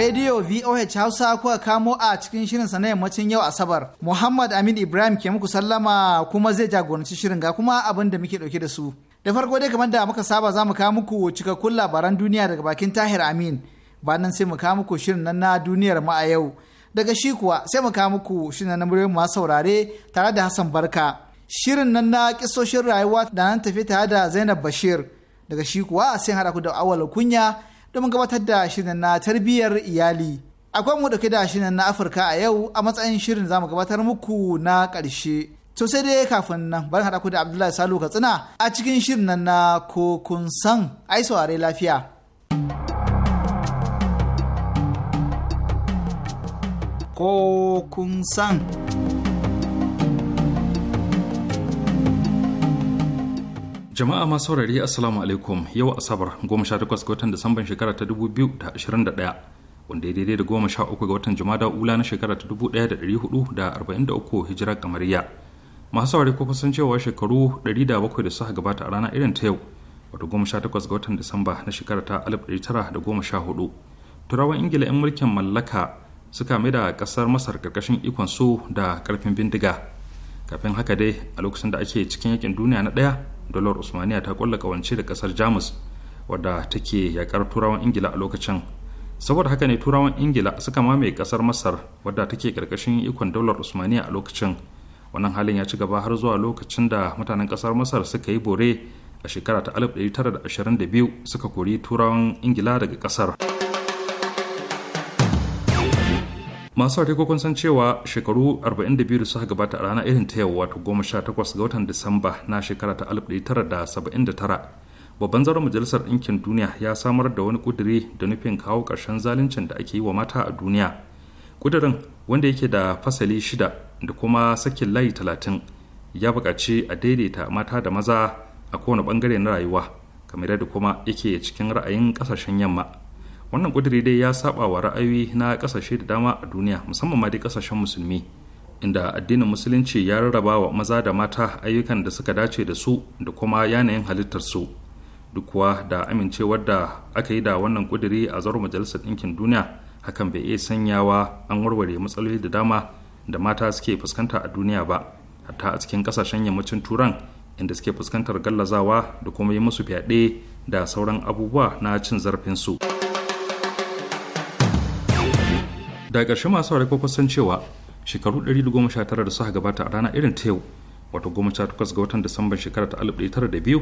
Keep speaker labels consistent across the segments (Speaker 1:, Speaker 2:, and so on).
Speaker 1: Radio VOH Hausa kuka kamo a cikin shirin sa na yammacin yau Asabar. Muhammad Amin Ibrahim ke muku sallama kuma zai jagoranci shirin ga kuma abin da muke dauke da su. Da farko dai kamar da muka saba za mu kawo muku cikakkun labaran duniya daga bakin Tahir Amin. nan sai mu kawo muku shirin nan na duniyar mu a yau. Daga shi kuwa sai mu kawo muku shirin na muryoyin masu saurare tare da Hassan Barka. Shirin nan na kisoshin rayuwa da nan tafi tare da Zainab Bashir. Daga shi kuwa sai hada ku da awal kunya domin gabatar da shirin na tarbiyyar iyali. Akwai mu dauke da shirin na Afirka a yau a matsayin shirin zamu gabatar muku na ƙarshe. To sai dai kafin nan bari haɗa ku da Abdullahi Salu Katsina a cikin shirin nan na ko kun san ai saurare lafiya. Ko kun san.
Speaker 2: Jama'a masu saurari Assalamu alaikum yau Asabar 18 ga watan Disamban shekara ta 2021 wanda ya daidai da 13 ga watan Jumada Ula na shekara ta 1443 hijira kamariya. Masu saurari ko kusan cewa shekaru 107 da suka gabata a rana irin ta yau wato 18 ga watan Disamba na shekara ta 1914. Turawan Ingila 'yan mulkin mallaka suka mai da kasar Masar karkashin ikon su da karfin bindiga. Kafin haka dai a lokacin da ake cikin yakin duniya na ɗaya dolar usmaniya ta kulla kawance da kasar jamus wadda take yakar turawan ingila a lokacin saboda haka ne turawan ingila suka mamaye kasar masar wadda take karkashin ikon dolar usmaniya a lokacin wannan halin ya ci gaba har zuwa lokacin da mutanen kasar masar suka yi bore a shekara ta 1922 suka kori turawan ingila daga kasar. masu wata kun san cewa shekaru 42 da suka gabata a rana irin ta yau wato 18 ga watan disamba na shekara ta 1979 babban zaron majalisar ɗinkin duniya ya samar da wani ƙudiri da nufin kawo ƙarshen zaluncin da ake yi wa mata a duniya ƙudirin wanda yake da fasali shida da kuma sakin layi talatin ya buƙaci a daidaita mata da maza a kowane bangare na rayuwa kamar da kuma yake cikin ra'ayin ƙasashen yamma wannan ƙudiri dai ya saba wa ra'ayoyi na kasashe da dama a duniya musamman ma dai kasashen musulmi inda addinin musulunci ya rarraba wa maza da mata ayyukan da suka dace da su da kuma yanayin halittar su duk kuwa da amincewar da aka yi da wannan kuduri a zarar majalisar ɗinkin duniya hakan bai iya sanyawa an warware matsaloli da dama da mata suke fuskanta a duniya ba hatta a cikin kasashen yammacin turan inda suke fuskantar gallazawa da kuma yi musu fyaɗe da sauran abubuwa na cin zarafin su da ƙarshe masu ko kusan cewa shekaru 119 da suka gabata a rana irin ta yau wato 18 ga watan disamban shekara ta 1902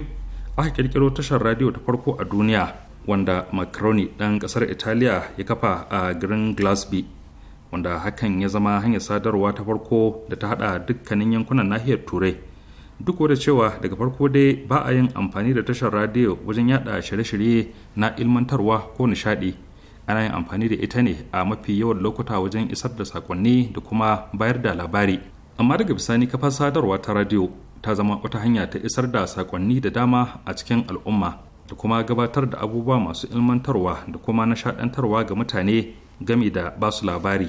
Speaker 2: aka kirkiro tashar radiyo ta farko a duniya wanda macaroni dan ƙasar italiya ya kafa a garin glasby wanda hakan ya zama hanyar sadarwa ta farko da ta hada dukkanin yankunan nahiyar turai duk da cewa daga farko dai ba a yin amfani da tashar radiyo wajen yada shirye-shirye na ilmantarwa ko nishadi ana yin amfani da ita ne a mafi yawan lokuta wajen isar da sakonni da kuma bayar da labari amma daga bisani kafar sadarwa ta radiyo ta zama wata hanya ta isar da sakonni da dama a cikin al'umma da kuma gabatar da abubuwa masu ilmantarwa da kuma nishadantarwa ga mutane game da basu labari.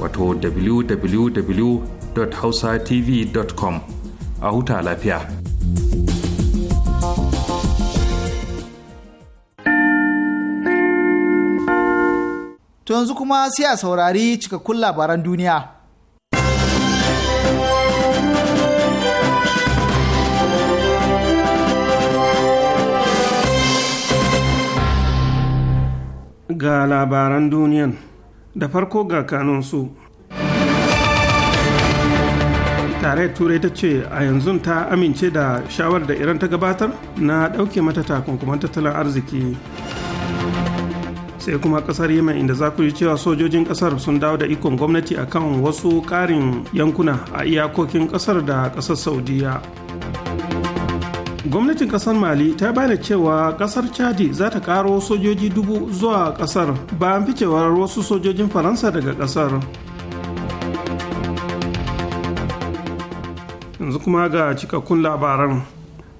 Speaker 2: wato www.hausatv.com a huta lafiya.
Speaker 1: To yanzu kuma sai a saurari cikakkun labaran duniya.
Speaker 3: Ga labaran duniyan. da farko ga kanunsu tare turai ta ce a yanzu ta amince da shawar da iran ta gabatar na ɗauke mata takunkuman tattalin arziki sai kuma ƙasar yemen inda za ku ji cewa sojojin ƙasar sun dawo da ikon gwamnati akan wasu ƙarin yankuna a iyakokin ƙasar da ƙasar saudiya gwamnatin kasar mali ta bayyana cewa kasar chadi za ta karo sojoji dubu zuwa kasar fi ficewar wasu sojojin faransa daga kasar yanzu kuma ga cikakkun labaran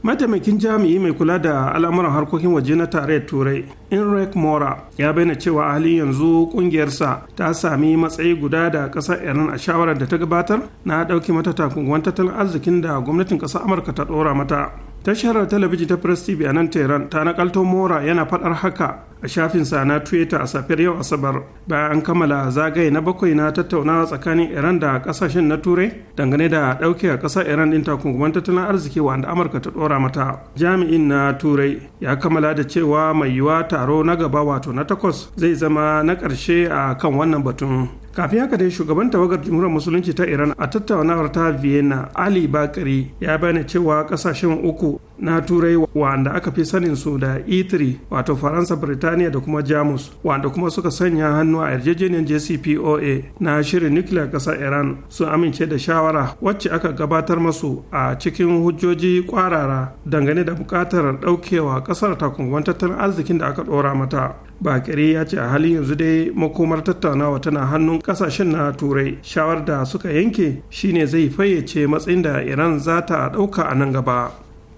Speaker 3: mataimakin jami'i mai kula da al'amuran harkokin waje na tarayyar turai Enrique Mora ya bayyana cewa a halin yanzu kungiyarsa ta sami matsayi guda da kasar Iran a shawarar da ta gabatar na dauki mata takunguwan tattalin arzikin da gwamnatin ƙasar Amurka ta dora mata. Tashar talabijin ta Press TV a nan Tehran ta nakalto Mora yana faɗar haka a shafinsa na Twitter a safiyar yau Asabar bayan an kammala zagaye na bakwai na tattaunawa tsakanin Iran da kasashen na Turai dangane da dauke a kasar Iran ɗin takunkuman tattalin arziki wanda Amurka ta dora mata. Jami'in na Turai ya kammala da cewa mai yiwuwa taro na gaba wato na takwas zai zama na ƙarshe a kan wannan batun. kafin haka dai shugaban tawagar jimhuriyar musulunci ta iran a tattaunawar ta vienna ali bakari ya bayyana cewa kasashen uku na turai wanda aka fi sanin su da e wato faransa birtaniya da kuma jamus wanda kuma suka sanya hannu a yarjejeniyar jcpoa na shirin nukiliyar kasar iran sun amince da shawara wacce aka gabatar masu a cikin hujjoji kwarara dangane da bukatar daukewa kasar takunguwan tattalin arzikin da aka dora mata bakire ya ce a halin yanzu dai makomar tattaunawa tana hannun kasashen na turai shawar da suka yanke shine zai fayyace matsayin da iran za ta ɗauka a nan gaba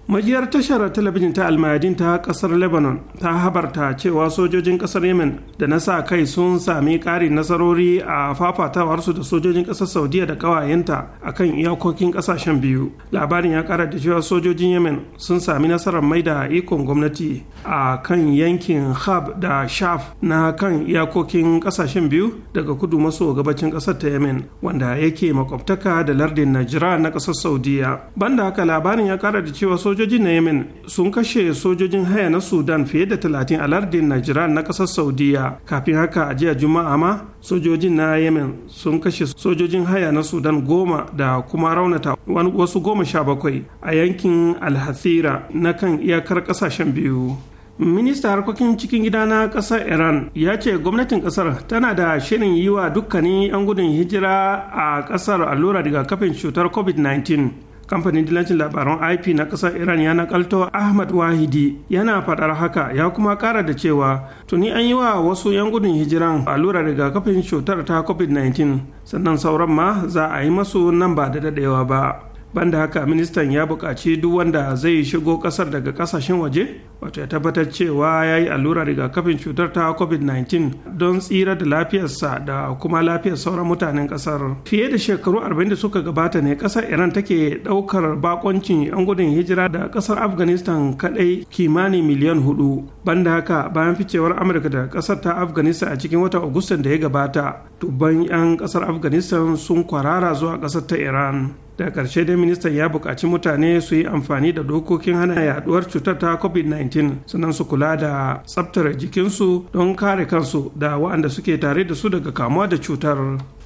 Speaker 3: majiyar tashar talabijin ta almayadin ta kasar lebanon ta habarta cewa sojojin kasar yemen da na sa kai sun sami ƙarin nasarori a fafatawarsu da sojojin kasar saudiya da kawayenta a kan iyakokin kasashen biyu labarin ya kara da cewa sojojin yemen sun sami nasarar maida ikon gwamnati a kan yankin hab da shaf na kan iyakokin kasashen biyu daga kudu maso gabacin kasar ta yemen wanda yake makwabtaka da lardin najira na kasar saudiya banda haka labarin ya kara da cewa sojojin na yemen sun kashe sojojin haya na sudan fiye da talatin a lardin najiran na kasar saudiya kafin haka a jiya juma'a ma sojojin na yemen sun kashe sojojin haya na sudan goma da kuma raunata wasu goma sha bakwai a yankin alhasira na kan iyakar kasashen biyu Minista harkokin cikin gida na ƙasar Iran ya ce gwamnatin ƙasar tana da shirin yi wa dukkanin 'yan gudun hijira a ƙasar allura daga kafin cutar COVID-19. kamfanin dilancin labaran ip na ƙasar iran ya nakalto ahmad wahidi yana faɗar haka ya kuma kara da cewa tuni an yi wa wasu 'yan gudun hijiran allurar rigakafin cutar ta covid-19 sannan sauran ma za a yi masu nan ba da dadewa ba banda haka ministan ya bukaci duk wanda zai shigo ƙasar daga ƙasashen waje wato ya tabbatar cewa ya yi daga rigakafin cutar ta covid-19 don tsira da lafiyarsa da kuma lafiyar sauran mutanen ƙasar fiye da shekaru 40 da suka gabata ne ƙasar iran take ɗaukar bakoncin 'yan gudun hijira da ƙasar afghanistan kaɗai kimanin miliyan hudu banda haka bayan ficewar amurka da ƙasar ta afghanistan a cikin watan agustan da ya gabata dubban 'yan ƙasar afghanistan sun kwarara zuwa ƙasar ta iran da ƙarshe dai ministan ya buƙaci mutane su yi amfani da dokokin hana yaduwar cutar ta covid-19 sannan su kula da tsabtar jikinsu don kare kansu da waɗanda suke tare da su daga kamuwa da cutar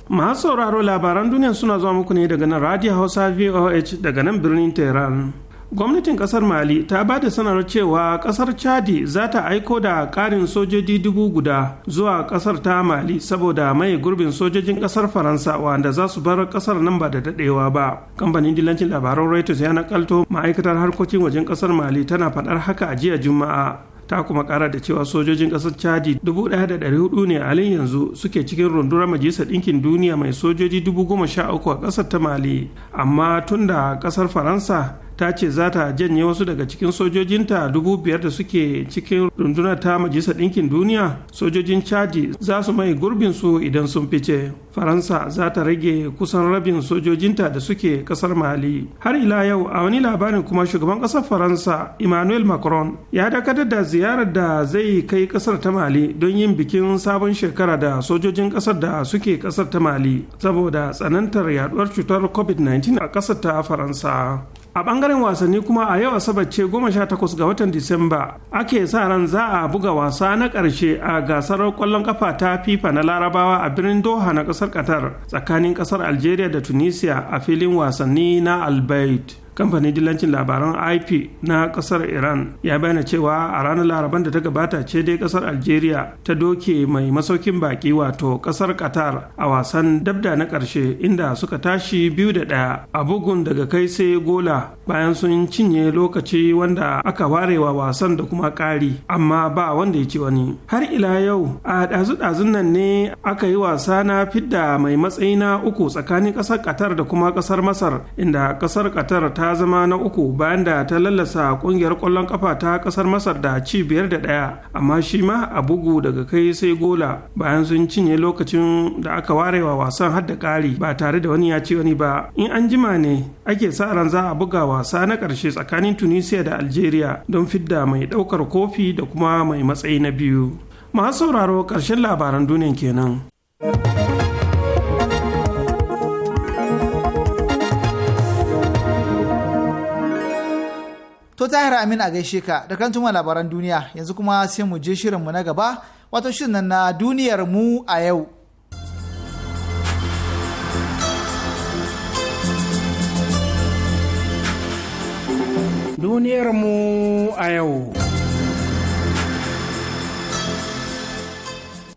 Speaker 3: masu sauraro labaran duniya suna zuwa muku ne daga nan radio hausa voh daga nan birnin tehran gwamnatin kasar mali ta ba da sanarwar cewa kasar chadi za ta aiko da karin sojoji dubu guda zuwa kasar ta mali saboda mai gurbin sojojin kasar faransa wanda za su bar kasar nan ba da dadewa ba kamfanin dilancin labaran reuters ya nakalto ma'aikatar harkokin wajen kasar mali tana faɗar haka a jiya juma'a ta kuma kara da cewa sojojin kasar chadi 1,400 ne halin yanzu suke cikin rundunar majalisar ɗinkin duniya mai sojoji dubu goma sha uku a kasar ta mali amma tun da kasar faransa ta ce za ta janye wasu daga cikin sojojinta dubu biyar da suke cikin rundunar ta majalisar ɗinkin duniya sojojin chadi za su mai gurbin su idan sun fice faransa za ta rage kusan rabin sojojinta da suke ƙasar mali har ila yau a wani labarin kuma shugaban ƙasar faransa emmanuel macron ya dakatar da ziyarar da zai kai ƙasar ta mali don yin bikin sabon shekara da sojojin ƙasar da suke ƙasar ta mali saboda tsanantar yaduwar cutar covid-19 a kasar ta faransa a bangaren wasanni kuma a yau asabar ce 18 ga watan disamba ake sa ran za a buga wasa na karshe a gasar kwallon kafa ta fifa na larabawa a birnin doha na kasar qatar tsakanin kasar algeria da tunisia a filin wasanni na albait kamfanin dillancin labaran ip na kasar iran ya bayyana cewa a ranar laraban da ta gabata ce dai kasar algeria ta doke mai masaukin baki wato kasar qatar a wasan dabda na karshe inda suka tashi biyu da daya a bugun daga kai sai gola bayan sun cinye lokaci wanda aka warewa wasan da kuma kari amma ba wanda ya ci wani har ila yau a dazu-dazun nan ne aka yi wasa na fidda mai matsayi na uku tsakanin kasar qatar da kuma kasar masar inda kasar qatar ta ta zama na uku bayan da ta lallasa kungiyar ƙwallon kafa ta ƙasar masar da ci biyar da ɗaya amma shi ma a bugu daga kai sai gola bayan sun cinye lokacin da aka warewa wasan hadda da ƙari ba tare da wani ya ci wani ba in an jima ne ake sa ran za a buga wasa na ƙarshe tsakanin tunisia da algeria don fidda mai ɗaukar kofi da kuma mai matsayi na biyu masu sauraro ƙarshen labaran duniya kenan.
Speaker 1: To Tahir Amin a gaishe ka da kantun labaran duniya yanzu kuma sai mu je shirinmu na gaba wato shirin nan na duniyar mu a yau.
Speaker 4: Duniyar mu a yau.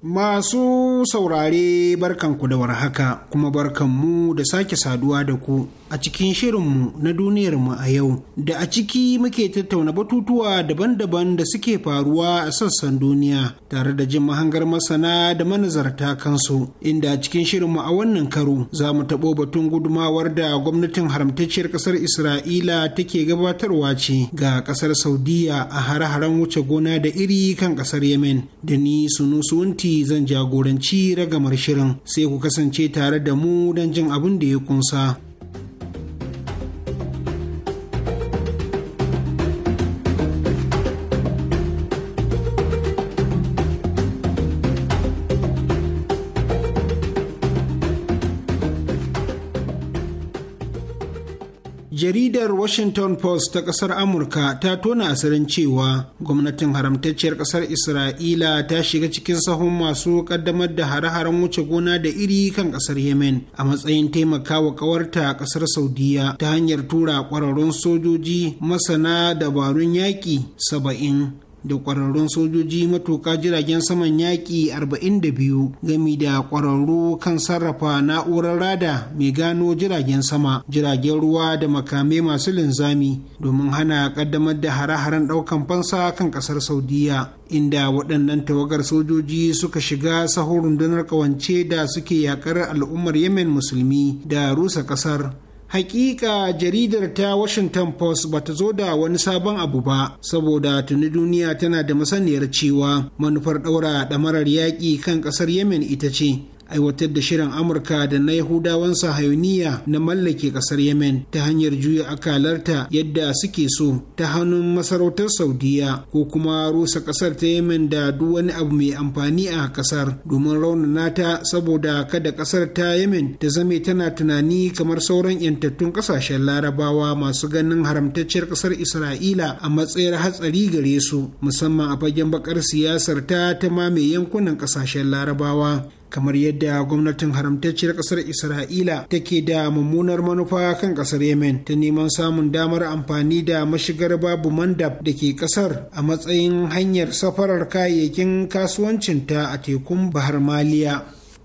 Speaker 4: Masu saurare barkanku da warhaka kuma barkan mu da sake saduwa da ku. a cikin shirinmu na duniyarmu a yau da a ciki muke tattauna batutuwa daban-daban da suke faruwa a sassan duniya tare da jin mahangar masana da manazarta kansu inda a cikin shirinmu a wannan karo za mu taɓo batun gudumawar da gwamnatin haramtacciyar ƙasar isra'ila take gabatarwa ce ga ƙasar saudiya a hare-haren wuce gona da iri kan ƙasar yemen da ni sunu suwunti zan jagoranci ragamar shirin sai ku kasance tare da mu don jin abin da ya kunsa. jaridar Washington Post ta kasar Amurka ta tona asirin cewa gwamnatin haramtacciyar kasar Isra'ila ta shiga cikin sahun masu kaddamar da hare-haren wuce gona da iri kan kasar Yemen a matsayin taimakawa kawarta kasar Saudiya ta hanyar tura kwararrun sojoji masana dabarun yaƙi saba'in da kwararrun sojoji matuka jiragen saman yaƙi 42 gami da kwararru kan sarrafa na'urar rada mai gano jiragen sama jiragen ruwa da makamai masu linzami domin hana ƙaddamar da hare-haren ɗaukan fansa kan ƙasar saudiya inda waɗannan tawagar sojoji suka shiga sahun rundunar ƙawance da suke yaƙar al'ummar yemen musulmi da rusa ƙasar hakika jaridar ta washington post ba ta zo da wani sabon abu ba saboda tuni duniya tana da masaniyar cewa manufar ɗaura ɗamarar yaƙi kan ƙasar yemen ita ce aiwatar da shirin amurka da na yahudawan sahayuniya na mallake kasar yemen ta hanyar juya akalarta yadda suke so ta hannun masarautar saudiya ko kuma rusa kasar ta yemen da duk wani abu mai amfani a kasar domin raunana ta saboda kada kasar ta yemen ta zame tana tunani kamar sauran yantattun kasashen larabawa masu ganin haramtacciyar kasar isra'ila a matsayar hatsari gare su musamman a fagen bakar siyasar ta ta mame yankunan kasashen larabawa kamar yadda gwamnatin haramtacciyar kasar isra'ila take da mummunar manufa kan kasar yemen ta neman samun damar amfani da mashigar babu mandab da ke kasar a matsayin hanyar safarar kayayyakin kasuwancinta a tekun bahar maliya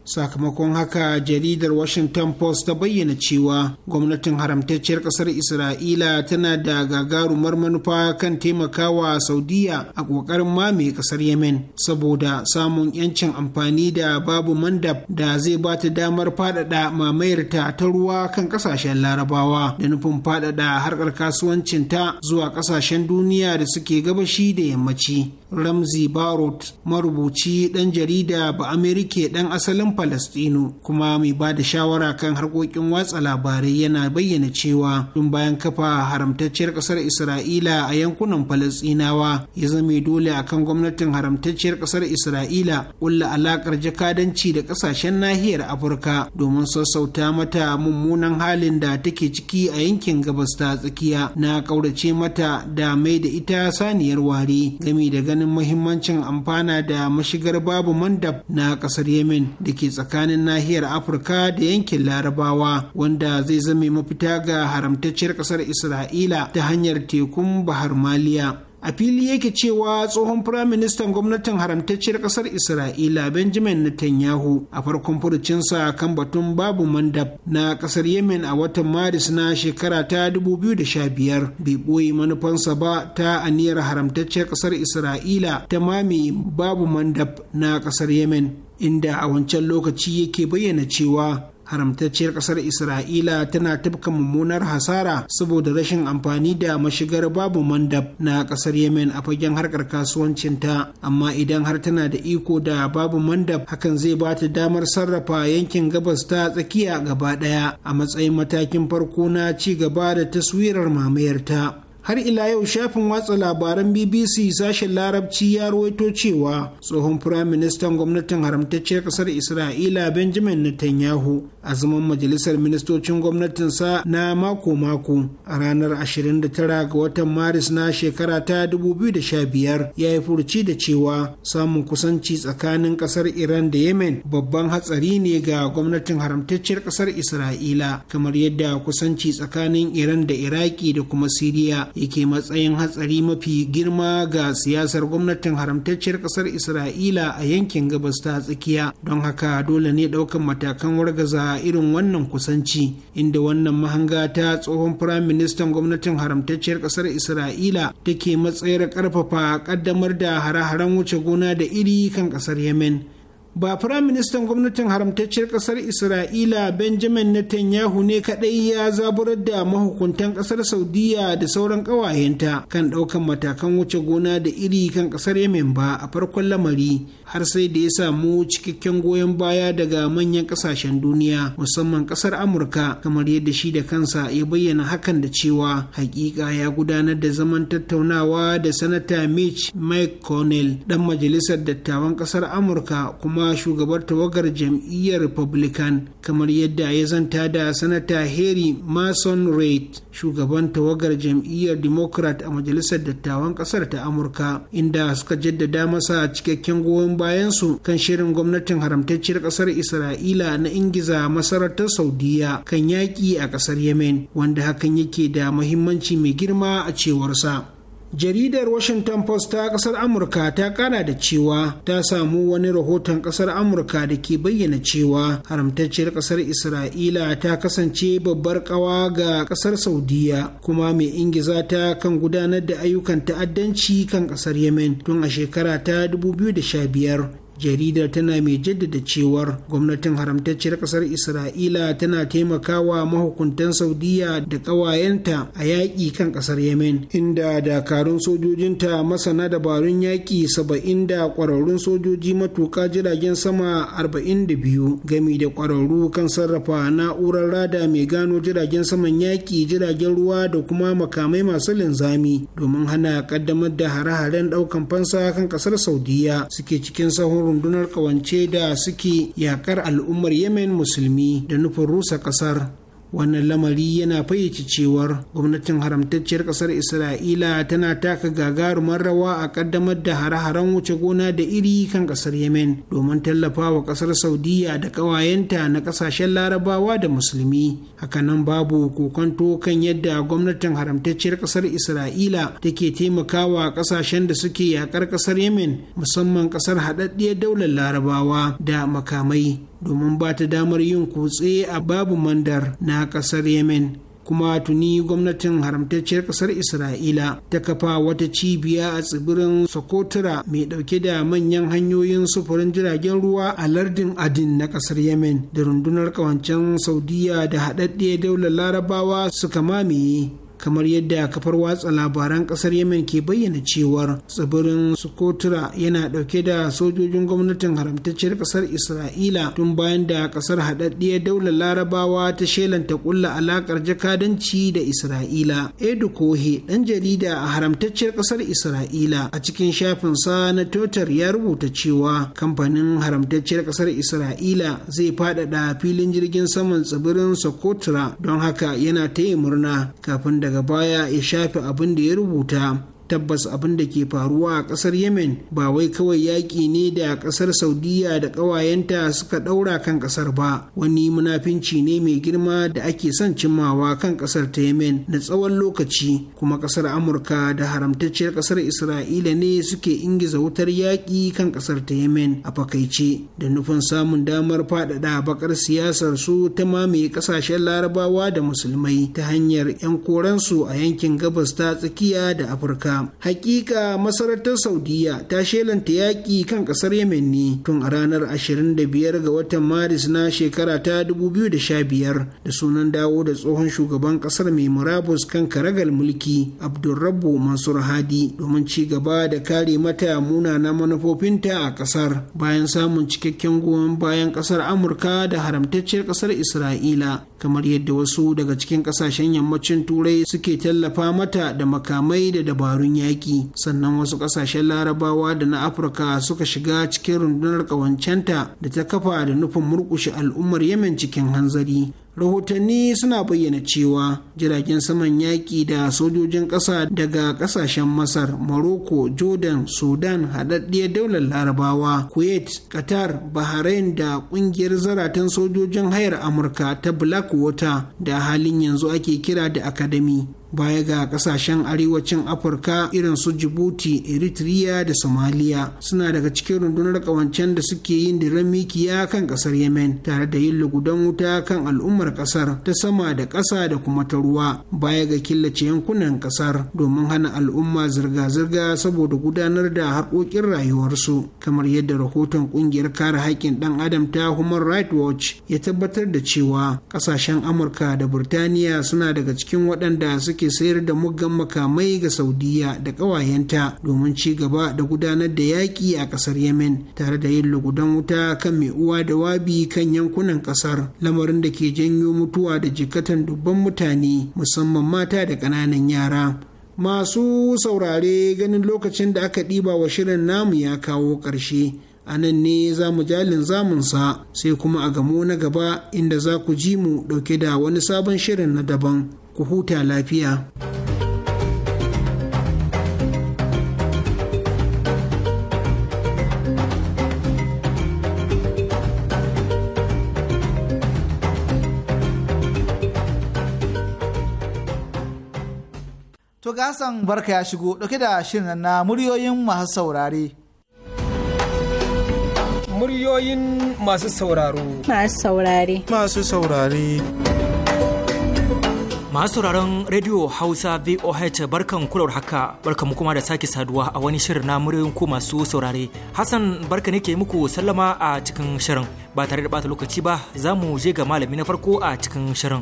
Speaker 4: sakamakon haka jaridar washington post ta bayyana cewa gwamnatin haramtacciyar kasar isra'ila tana da gagarumar manufa kan taimakawa saudiya a ƙoƙarin mame kasar yemen saboda samun yancin amfani da babu mandab da zai ba ta damar faɗaɗa mamayarta ta ruwa kan ƙasashen larabawa da nufin faɗaɗa harkar kasuwancinta zuwa ƙasashen duniya da suke gabashi da yammaci ramzi barot marubuci ɗan jarida ba amerika ɗan asalin Falastinu kuma mai ba da shawara kan harkokin watsa labarai yana bayyana cewa tun bayan kafa haramtacciyar ƙasar Isra'ila a yankunan Falastinawa ya zame dole akan gwamnatin haramtacciyar ƙasar Isra'ila kulla alaƙar jakadanci da ƙasashen nahiyar Afirka domin sassauta mata mummunan halin da take ciki a yankin gabas ta tsakiya na ƙaurace mata da mai da ita saniyar wari gami da ganin muhimmancin amfana da mashigar babu mandab na ƙasar Yemen da ke tsakanin nahiyar afirka da yankin larabawa wanda zai zame mafita ga haramtacciyar kasar isra'ila ta hanyar tekun bahar maliya a fili yake cewa tsohon firaministan gwamnatin haramtacciyar kasar isra'ila benjamin netanyahu a farkon furucinsa kan batun babu mandab na kasar yemen a watan maris na shekara ta 2015 bai ɓoye manufansa ba ta aniyar haramtacciyar kasar isra'ila ta mami babu mandab na kasar yemen inda a wancan lokaci yake bayyana cewa haramtacciyar ƙasar isra'ila tana tafka mummunar hasara saboda rashin amfani da mashigar babu mandab na ƙasar yemen a fagen harkar kasuwancinta amma idan har tana da iko da babu mandab hakan zai ba ta damar sarrafa yankin gabas ta tsakiya gaba ɗaya a matsayin matakin farko na ci gaba da taswirar mamayarta har ila yau shafin watsa labaran bbc sashen larabci ya ruwaito cewa tsohon firaministan gwamnatin haramtacciyar kasar isra'ila benjamin netanyahu a zaman majalisar ministocin gwamnatinsa na mako-mako a ranar 29 ga watan maris na shekara ta 2015 ya yi furuci da cewa samun kusanci tsakanin kasar iran da yemen babban hatsari ne ga gwamnatin haramtacciyar kasar isra'ila kamar yadda kusanci tsakanin iran da iraki da kuma siriya yake matsayin hatsari mafi girma ga siyasar gwamnatin haramtacciyar kasar isra'ila a yankin gabas ta tsakiya don haka dole ne ɗaukan matakan wargaza irin wannan kusanci inda wannan mahanga ta tsohon firaministan gwamnatin haramtacciyar kasar isra'ila take matsayar karfafa kaddamar da hare-haren wuce gona da iri kan kasar yemen ba firaministan gwamnatin haramtacciyar kasar isra'ila benjamin netanyahu ne kadai ya zaburar da mahukuntan kasar saudiya da sauran kawayenta kan daukan matakan wuce gona da iri kan kasar yemen ba a farkon lamari har sai da ya samu cikakken goyon baya daga manyan kasashen duniya musamman kasar amurka kamar yadda shi da kansa ya bayyana hakan da cewa hakika ya gudanar da zaman tattaunawa da sanata mitch mcconnell dan majalisar dattawan kasar amurka kuma shugabar tawagar jam'iyyar republican kamar yadda ya zanta da sanata harry mason reid shugaban tawagar jam'iyyar democrat a majalisar dattawan kasar ta amurka inda suka jaddada masa cikakken goyon bayansu kan shirin gwamnatin haramtacciyar kasar isra'ila na ingiza masarautar saudiya kan yaƙi a kasar yemen wanda hakan yake da muhimmanci mai girma a cewarsa jaridar washington post ta kasar amurka ta kara da cewa ta samu wani rahoton kasar amurka da ke bayyana cewa haramtacciyar kasar isra'ila ta kasance babbar kawa ga kasar saudiya kuma mai ingiza ta kan gudanar da ayyukan ta'addanci kan kasar yemen tun a shekara ta 2015 jaridar tana mai jaddada cewar gwamnatin haramtacciyar kasar isra'ila tana taimakawa mahukuntan saudiya da ƙawayenta a yaƙi kan ƙasar yemen inda dakarun sojojinta masana dabarun yaƙi saba'in da ƙwararrun sojoji matuƙa jiragen sama arba'in da biyu gami da ƙwararru kan sarrafa na'urar rada mai gano jiragen saman yaƙi jiragen ruwa da kuma makamai masu linzami domin hana ƙaddamar da hare-haren ɗaukan fansa kan ƙasar saudiya suke cikin sahun rundunar kawance da suke yakar al'ummar yemen musulmi da nufin rusa kasar wannan lamari yana fayyace cewar gwamnatin haramtacciyar ƙasar isra'ila tana taka gagarumar rawa a ƙaddamar da hare-haren wuce gona da iri kan ƙasar yemen domin tallafa wa ƙasar saudiya da ƙawayenta na ƙasashen larabawa da musulmi hakanan babu kokonto kan yadda gwamnatin haramtacciyar ƙasar isra'ila take taimakawa ƙasashen da suke yakar ƙasar yemen musamman ƙasar haɗaɗɗiyar daular larabawa da makamai domin ba ta damar yin kutse a babu mandar na ƙasar yemen kuma tuni gwamnatin haramtacciyar ƙasar isra'ila ta kafa wata cibiya a tsibirin sokotura mai ɗauke da manyan hanyoyin sufurin jiragen ruwa a lardin adin na ƙasar yemen da rundunar ƙawancen saudiya da haɗaɗɗe daular larabawa suka mamaye kamar yadda kafar watsa labaran kasar yemen ke bayyana cewar tsibirin sukotura yana dauke da sojojin gwamnatin haramtacciyar kasar isra'ila tun bayan da kasar haɗaɗɗiyar daular larabawa ta shelanta kulla alakar jakadanci da isra'ila edu kohe ɗan jarida a haramtacciyar kasar isra'ila a cikin shafin sa na totar ya rubuta cewa kamfanin haramtacciyar kasar isra'ila zai faɗaɗa filin jirgin saman tsibirin sokotura don haka yana ta yi murna kafin da daga baya ya shafi abin da ya rubuta tabbas abin da ke faruwa a ƙasar yemen ba wai kawai yaƙi ne da ƙasar saudiya da ƙawayenta suka ɗaura kan ƙasar ba wani munafinci ne mai girma da ake son cimmawa kan ƙasar ta yemen na tsawon lokaci kuma ƙasar amurka da haramtacciyar ƙasar isra'ila ne suke ingiza wutar yaƙi kan ƙasar ta yemen a fakaice da nufin samun damar faɗaɗa bakar siyasar su ta mamaye ƙasashen larabawa da musulmai ta hanyar 'yan koransu a yankin gabas ta tsakiya da afirka Haƙiƙa, hakika masarautar saudiya ta shelanta yaƙi kan ƙasar yemen ne tun a ranar 25 ga watan maris na shekara ta 2015 da sunan dawo da tsohon shugaban ƙasar mai murabus kan karagal mulki abdulrabbu mansur hadi domin ci gaba da kare mata munana manufofinta a ƙasar bayan samun cikakken goyon bayan ƙasar amurka da haramtacciyar ƙasar isra'ila kamar yadda wasu daga cikin ƙasashen yammacin turai suke tallafa mata da makamai da dabaru dakarun yaƙi sannan wasu ƙasashen larabawa da na afirka suka shiga cikin rundunar ƙawancenta da ta kafa da nufin murƙushe al'ummar yemen cikin hanzari rahotanni suna bayyana cewa jiragen saman yaƙi da sojojin ƙasa daga ƙasashen masar morocco jordan sudan haɗaɗɗiyar daular larabawa kuwait qatar bahrain da ƙungiyar zaratan sojojin hayar amurka ta blackwater da halin yanzu ake kira da academy baya ga kasashen arewacin afirka irin su jibuti eritrea da Somalia suna daga cikin rundunar kawancen da suke yin diran mikiya kan kasar yemen tare da yin lugudan wuta kan al'ummar kasar ta sama da ƙasa da kuma ta ruwa baya ga killace yankunan kasar domin hana al'umma zirga-zirga saboda gudanar da harkokin rayuwarsu kamar yadda rahoton kungiyar kare haƙƙin ɗan adam ta human right watch ya tabbatar da cewa ƙasashen amurka da Birtaniya suna daga cikin waɗanda suke suke sayar da muggan makamai ga saudiya da ƙawayenta domin ci gaba da gudanar da yaƙi a ƙasar yemen tare da yin lugudan wuta kan mai uwa da wabi kan yankunan ƙasar lamarin da ke janyo mutuwa da jikatan dubban mutane musamman mata da ƙananan yara masu saurare ganin lokacin da aka ɗiba wa shirin namu ya kawo ƙarshe a nan ne za mu jalin zamunsa sai kuma a gamo na gaba inda za ku ji mu ɗauke da wani sabon shirin na daban ku huta lafiya.
Speaker 1: To san barka ya shigo ɗauke da shirin na muryoyin masu saurare.
Speaker 4: Muryoyin masu sauraro.
Speaker 5: Masu saurare. Masu saurare. Masu sauraron Radio Hausa VOH barkan kular haka barkan kuma da sake saduwa a wani shirin na muryoyin ku masu saurare. Hassan barka ne ke muku sallama a cikin shirin ba tare da bata lokaci ba za
Speaker 6: mu je ga malami na farko a
Speaker 5: cikin shirin.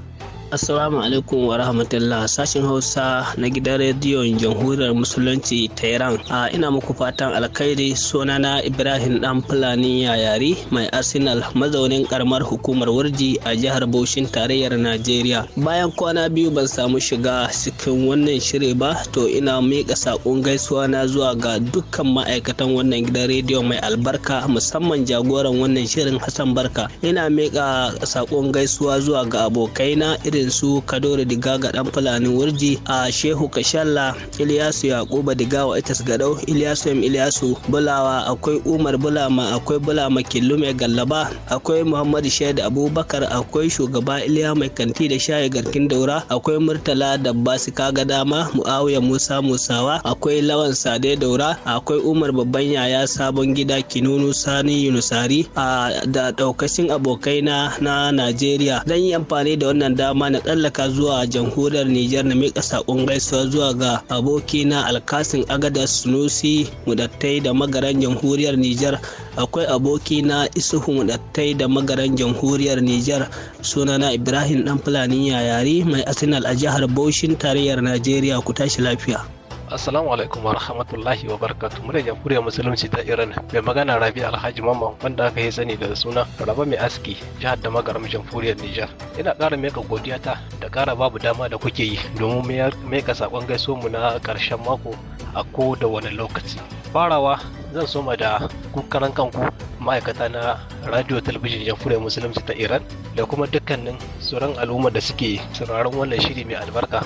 Speaker 6: Assalamu alaikum wa rahmatullah sashen Hausa na gidan rediyon Jamhuriyar Musulunci ta A ina muku fatan alkhairi sunana Ibrahim Dan Fulani Yayari mai Arsenal mazaunin karamar hukumar Warji a jihar Bauchin tarayyar Najeriya. Bayan kwana biyu ban samu shiga cikin wannan shiri ba to ina miƙa saƙon gaisuwa na zuwa ga dukkan ma'aikatan wannan gidan rediyo mai albarka musamman jagoran wannan shirin Hassan Barka. Ina miƙa saƙon gaisuwa zuwa ga abokaina irin irin su kadore ga dan fulani wurji a shehu kashalla iliyasu yakuba digawa itas gadau iliyasu m iliyasu bulawa akwai umar bulama akwai bulama killu mai gallaba akwai muhammadu shaidu abubakar akwai shugaba iliya mai kanti da shayi garkin daura akwai murtala da basu kaga dama muawiya musa musawa akwai lawan sade daura akwai umar babban yaya sabon gida kinunu sani yunusari a da daukashin abokai na na najeriya zan yi amfani da wannan dama kuma na tsallaka zuwa jamhuriyar Nijar na miƙa saƙon gaisuwa zuwa ga abokina Alkasin Agada Sunusi Mudattai da magaran jamhuriyar Nijar akwai abokina Isuhu Mudattai da magaran jamhuriyar Nijar sunana Ibrahim ɗan Fulani Yayari mai Arsenal a jihar Bauchin tarayyar Najeriya ku tashi lafiya.
Speaker 7: Assalamu alaikum wa rahmatullahi wa barakatu mu da jamhuriyar musulunci ta Iran mai magana Rabi Alhaji Mamman wanda aka yi sani da suna Raba mai aski jihar da magaram jamhuriyar Nijar. Ina ƙara meka godiya ta da ƙara babu dama da kuke yi domin meka saƙon gaiso mu na ƙarshen mako a ko da wani lokaci. Farawa zan soma da kukaran kanku ma'aikata na radio talabijin jamhuriyar musulunci ta Iran da kuma dukkanin tsoron al'umma da suke sauraron wannan shiri mai albarka.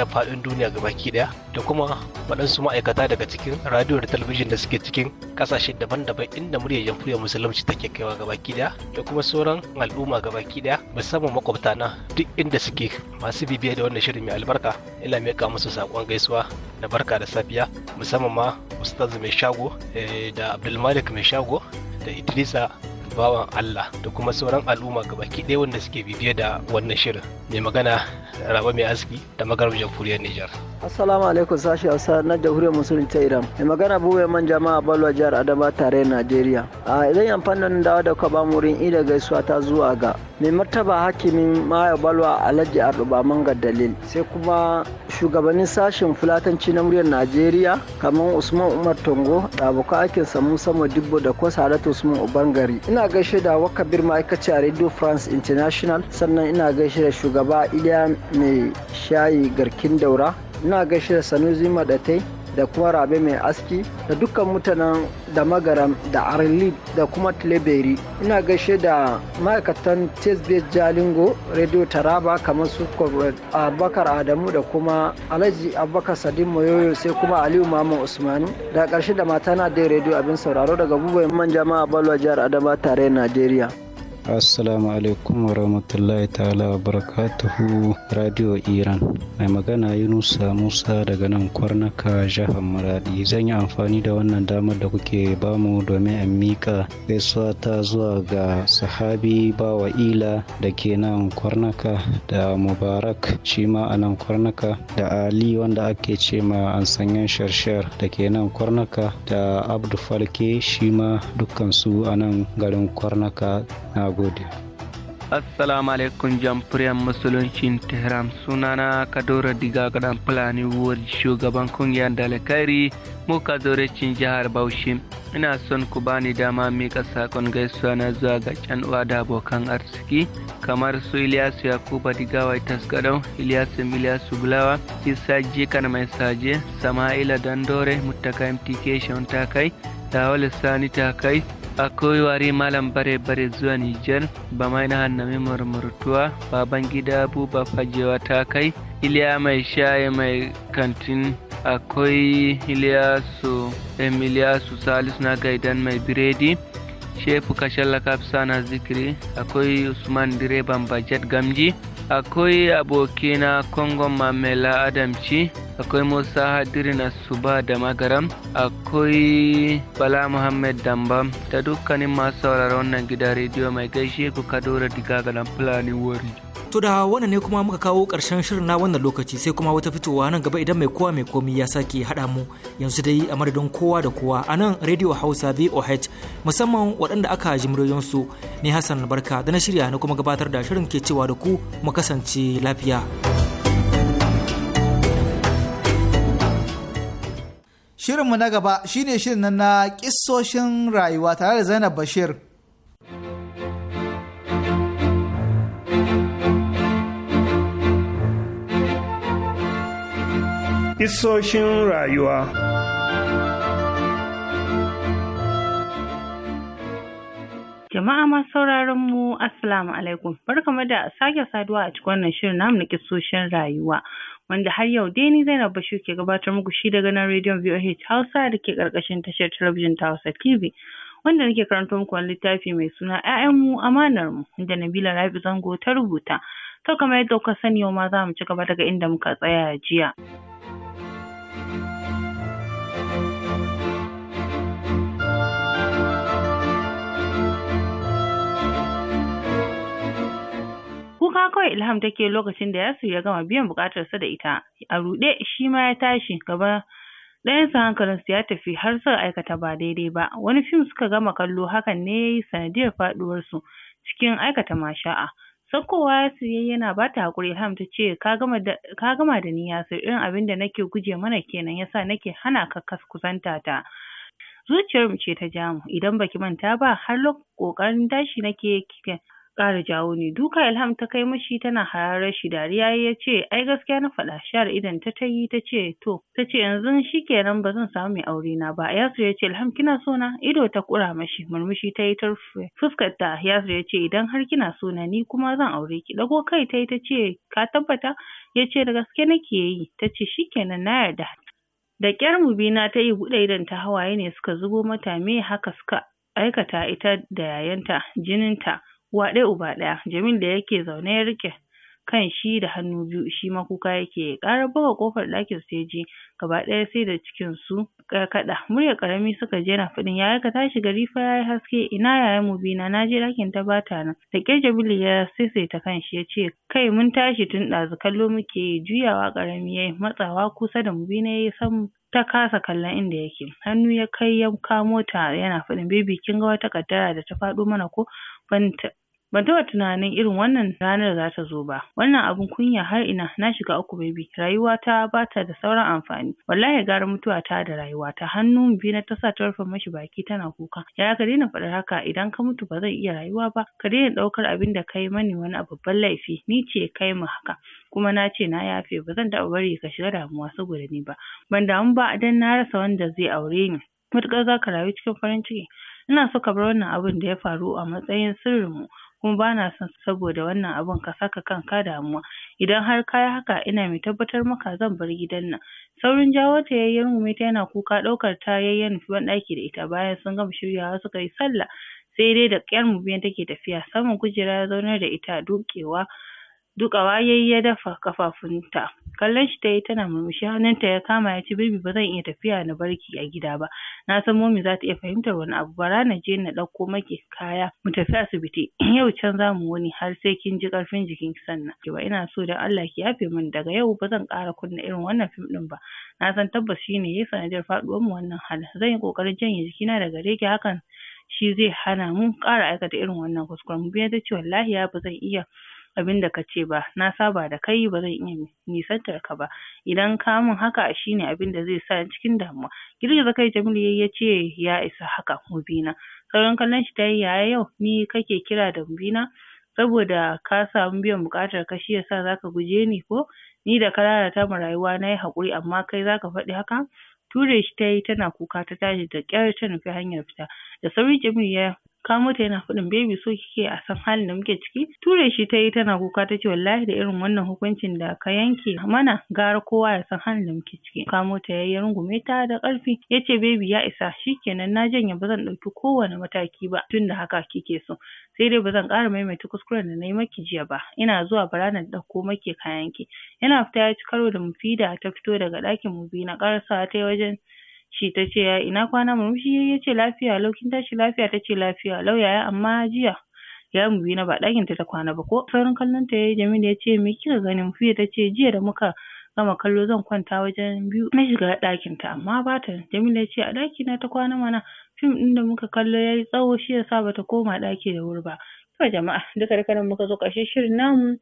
Speaker 7: a faɗin duniya baki daya da kuma waɗansu ma'aikata daga cikin radio da talabijin da suke cikin ƙasashe daban-daban inda muryar jamhuriyar musulunci take kaiwa ga baki daya da kuma sauran al'umma gabaki daya musamman makwabta na duk inda suke masu bibiya da wannan shirin mai albarka ina miƙa musu saƙon gaisuwa na barka da safiya musamman ma ustaz mai shago eh, da abdulmalik mai shago da idrisa bawan Allah da kuma sauran al'umma gabaki ɗaya wanda suke bibiye da wannan shirin mai magana raba mai aski da magarar jamhuriyar
Speaker 8: Nijar.
Speaker 9: Assalamu alaikum sashi Hausa na jamhuriyar musulun ta Iran. Mai magana buwe man jama'a Balwa jihar Adama tare Najeriya. A idan yan fannin dawo da kwa wurin ida gaisuwa ta zuwa ga mai martaba hakimin maya balwa alhaji arba manga dalil sai kuma shugabannin sashen fulatanci na muryar najeriya kamar usman umar tongo da abokan aikin samu sama dubbo da kuma saratu usman ubangari ina gaishe da wakabir ma'aikaci a radio france international sannan ina gaishe da shugaba iliya mai shayi garkin daura ina gaishe da da tai da kuma rabe mai aski da dukkan mutanen da magaram da arlid da kuma tileberi ina gaishe da ma'aikatan tesbet jalingo radio taraba kamar su abubakar adamu da kuma alhaji abubakar sadin moyoyo sai kuma aliyu mamman usmanu da karshe da matana da radio abin sauraro daga bubai man jama'a balwa jihar adama tare najeriya
Speaker 7: Assalamu alaikum wa rahmatullahi ta'ala wa barakatuhu Radio Iran. Mai magana Yunusa Musa daga nan kwarnaka jihar Maradi. Zan yi amfani da wannan damar da kuke bamu domin in mika gaisuwa ta zuwa ga sahabi bawa ila da ke nan kwarnaka da Mubarak shi ma a nan kwarnaka da Ali wanda ake ce ma an sanyan sharshar da ke nan kwarnaka da Abdu Falke shi ma dukkansu a nan garin kwarnaka na gode.
Speaker 10: assalamu alaikum jamhuriyar musuluncin tehran sunana kadora diga gadan fulani wuwar shugaban kungiyar dalakari muka zorecin jihar bauchi ina son ku bani dama mika sakon gaisuwa na zuwa ga can uwa da abokan arziki kamar su Ilyasu Yakuba Digawai Tasgadau, Ilyasu Miliyasu Bulawa, Isa Jikan Mai Saje, Sama'ila Dandore, Mutaka MTK Shon Takai, Dawal Sani Takai, akwai wari malam bare bare zuwa nijar ba mai na hannami murmurtuwa baban gida buba fajewa ta kai iliya mai shaye mai kantin akwai iliyasu emiliyasu salisu na gaidan mai biredi shefu kashen kafsa na zikiri akwai usman direban bajet gamji akwai abokina kongon mamela adamci akwai musa na suba da magaram akwai bala muhammed dambam da dukkanin masu sauraron wannan gida rediyo mai gaishe ku dora diga galan fulani wari to da wannan ne kuma muka kawo karshen shirin na
Speaker 5: wannan lokaci sai kuma wata fitowa nan gaba idan mai kowa mai komi ya sake haɗa mu yanzu dai a madadin kowa da kowa a nan rediyo hausa voh musamman waɗanda aka ji su ne hassan barka da na shirya na kuma gabatar da shirin ke cewa da ku mu kasance lafiya.
Speaker 1: Shirinmu na gaba shine shirin na kissoshin rayuwa tare da Zainab Bashir.
Speaker 3: Kissoshin rayuwa
Speaker 11: Jama'a masu sauraron mu Assalamu alaikum. Barkamu da sake saduwa a cikin wannan shirin namu na kisoshin rayuwa. wanda har yau dai ni Zainab Bashir ke gabatar muku shi daga nan rediyon VOH Hausa da ke karkashin tashar talabijin ta Hausa TV. Wanda nake karanto muku wani littafi mai suna ‘Ya'yanmu amanar mu da Nabila Rabi Zango ta rubuta. To kamar yadda kuka sani yau ma za mu ci gaba daga inda muka tsaya jiya. Kuka kawai Ilham take lokacin da Yasir ya gama biyan sa da ita. A ruɗe shi ma ya tashi gaba ɗayansa su ya tafi har suka aikata ba daidai ba. Wani fim suka gama kallo hakan ne ya yi sanadiyar faɗuwarsu cikin aikata masha'a. Saukowa Yasir ya yana ba ta haƙuri Ilham ta ce ka gama da ni Yasir irin abin da nake guje mana kenan yasa nake hana ka kusanta ta. zuciyar mu ce ta jamu. idan baki manta ba har lokacin kokarin tashi nake kika ƙara jawo ni duka Ilham ta kai mashi tana hararar shi dariya ya ce ai gaskiya na faɗa shar idan ta ta yi ta ce to ta ce yanzu shikenan ba zan samu mai aure na ba Yasir ya ce Ilham kina so na ido ta kura mashi murmushi ta yi ta rufe fuskar ta Yasir ya ce idan har kina so na ni kuma zan aure ki dago kai ta yi ta ce ka tabbata ya ce da gaske nake yi ta ce shi nan, na yarda da ƙyar mubina ta yi buɗe idan ta hawaye ne suka zubo mata me haka suka aikata ita da yayanta jininta uwa ɗaya uba ɗaya Jamil da yake zaune ya riƙe kan shi da hannu biyu shi ma kuka yake Ƙara buga ƙofar ɗakin su ya ji gaba ɗaya sai da cikin su kaɗa muryar ƙarami suka je na faɗin yaya ka tashi gari fa yayi haske ina yayan mu bina na je ɗakin ta bata nan da ƙyar Jabilu ya saisaita kanshi ya ce kai mun tashi tun ɗazu kallo muke yi juyawa ƙarami yayi matsawa kusa da mu ya yi sam ta kasa kallon inda yake hannu ya kai ya kamo ta yana faɗin baby kin ga wata kaddara da ta faɗo mana ko ban ban taɓa tunanin irin wannan ranar za ta zo ba wannan abun kunya har ina na shiga uku baby rayuwata ba ta da sauran amfani wallahi gara mutuwa ta da rayuwata hannu biyu na ta sa ta rufe mashi baki tana kuka yaya ka daina faɗar haka idan ka mutu ba zan iya rayuwa ba ka daina ɗaukar abin da ka yi mani wani a babban laifi ni ce kai mu haka kuma na ce na yafe ba zan taɓa bari ka shiga damuwa saboda ni ba ban damu ba dan na rasa wanda zai aure ni matuƙar za ka rayu cikin farin ciki ina so ka bar wannan abun da ya faru a matsayin sirrinmu kuma bana son saboda wannan abun ka saka kanka damuwa idan har kayi haka ina mai tabbatar maka zan bar gidan nan saurin jawo ta yayi ya rungume ta yana kuka ɗaukar ta yayi ya nufi ɗaki da ita bayan sun gama shiryawa suka yi sallah sai dai da ƙyar Mubin take tafiya saman kujera ya zaunar da ita duƙewa duka yayi ya dafa ƙafafunta kallon shi tayi tana murmushi hannunta ya kama ya yace baby zan iya tafiya na barki a gida ba na san mummy zata iya fahimtar wani abu bara naje na ɗauko maki kaya mu tafi asibiti yau can za mu wuni har sai kin ji ƙarfin jikin ki sannan cewa ina so dan Allah ki yafe min daga yau ba zan ƙara kunna irin wannan fim ɗin ba na san tabbas shine yayi sanadiyar faɗuwar mu wannan halin zan yi ƙoƙarin janye jikina daga gare hakan shi zai hana mu ƙara aikata irin wannan kuskuren mu ta ce wallahi ya ba iya abinda kace ba na saba da kai ba zan iya nisantar ka ba idan ka min haka shine abinda zai sa ni cikin damuwa girgiza kai Jamilu yayi yace ya isa haka Mubina sauran kallon shi tayi yaya yau ni kake kira da Mubina saboda ka samu biyan bukatar ka shi yasa zaka guje ni ko ni da ka lalata ma rayuwa nayi hakuri amma kai zaka faɗi haka ture shi tayi tana kuka ta tashi da kyar ta nufi hanyar fita da sauri Jamilu ya ka ta yana faɗin baby so kike a san halin da muke ciki ture shi ta yi tana kuka ta ce wallahi da irin wannan hukuncin da ka yanke mana gara kowa ya san halin da muke ciki kamo ta yayi rungume ta da ƙarfi ya ce baby ya isa shikenan na janye ba zan ɗauki kowane mataki ba tunda haka kike so sai dai ba zan ƙara maimaita kuskuren da na yi maki jiya ba ina zuwa bara na ɗauko maki kayanki yana fita ya ci karo da mufida ta fito daga ɗakin mu biyu na ƙarasawa ta yi wajen shi ta ce ya ina kwana murmushi ya ce lafiya lau kin tashi lafiya ta ce lafiya lau yaya amma jiya ya mu na ba ɗakin ta ta kwana ba ko saurin kallon ta yayi Jamilu ya ce me kika gani Mufiya ta ce jiya da muka gama kallo zan kwanta wajen biyu na shiga ɗakin ta amma bata Jamilu ya ce a ɗaki na ta kwana mana fim ɗin da muka kallo yayi tsawo shi ya yasa ta koma ɗaki da wuri ba to jama'a duka duka nan muka zo ƙarshen shirin namu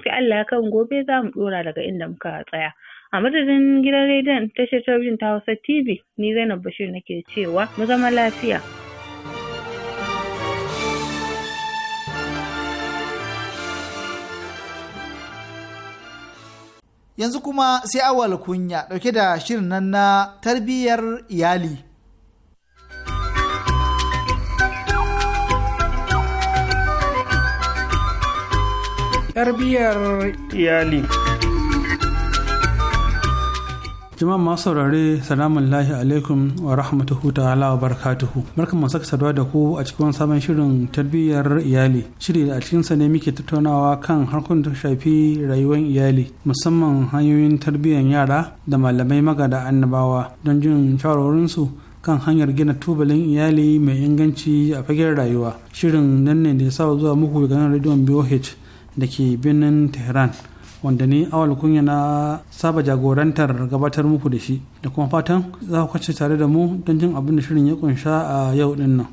Speaker 11: sai Allah ya kai mu gobe za mu ɗora daga inda muka tsaya a madadin gidan rediyon tashar talabijin ta hausa tv ni zainab bashir nake cewa mu zama lafiya
Speaker 1: yanzu kuma sai awal kunya dauke da shirin nan na tarbiyyar iyali
Speaker 3: tarbiyyar iyali
Speaker 12: jama'a masu saurare salamun lahi alaikum wa rahmatuhu ala wa barkatuhu" barkan mu saka da ku a cikin sabon shirin tarbiyyar iyali shiri da a cikin sa ne muke tattaunawa kan harkun da shafi rayuwar iyali musamman hanyoyin tarbiyyar yara da malamai magada annabawa don jin shawarwarin su kan hanyar gina tubalin iyali mai inganci a fagen rayuwa shirin nan ne da ya sa zuwa muku ganin rediyon BOH da ke birnin Tehran wanda ni awal kunya na saba jagorantar gabatar muku da shi da kuma fatan za ku kwace tare da mu don jin abin da shirin ya kunsha a yau din nan.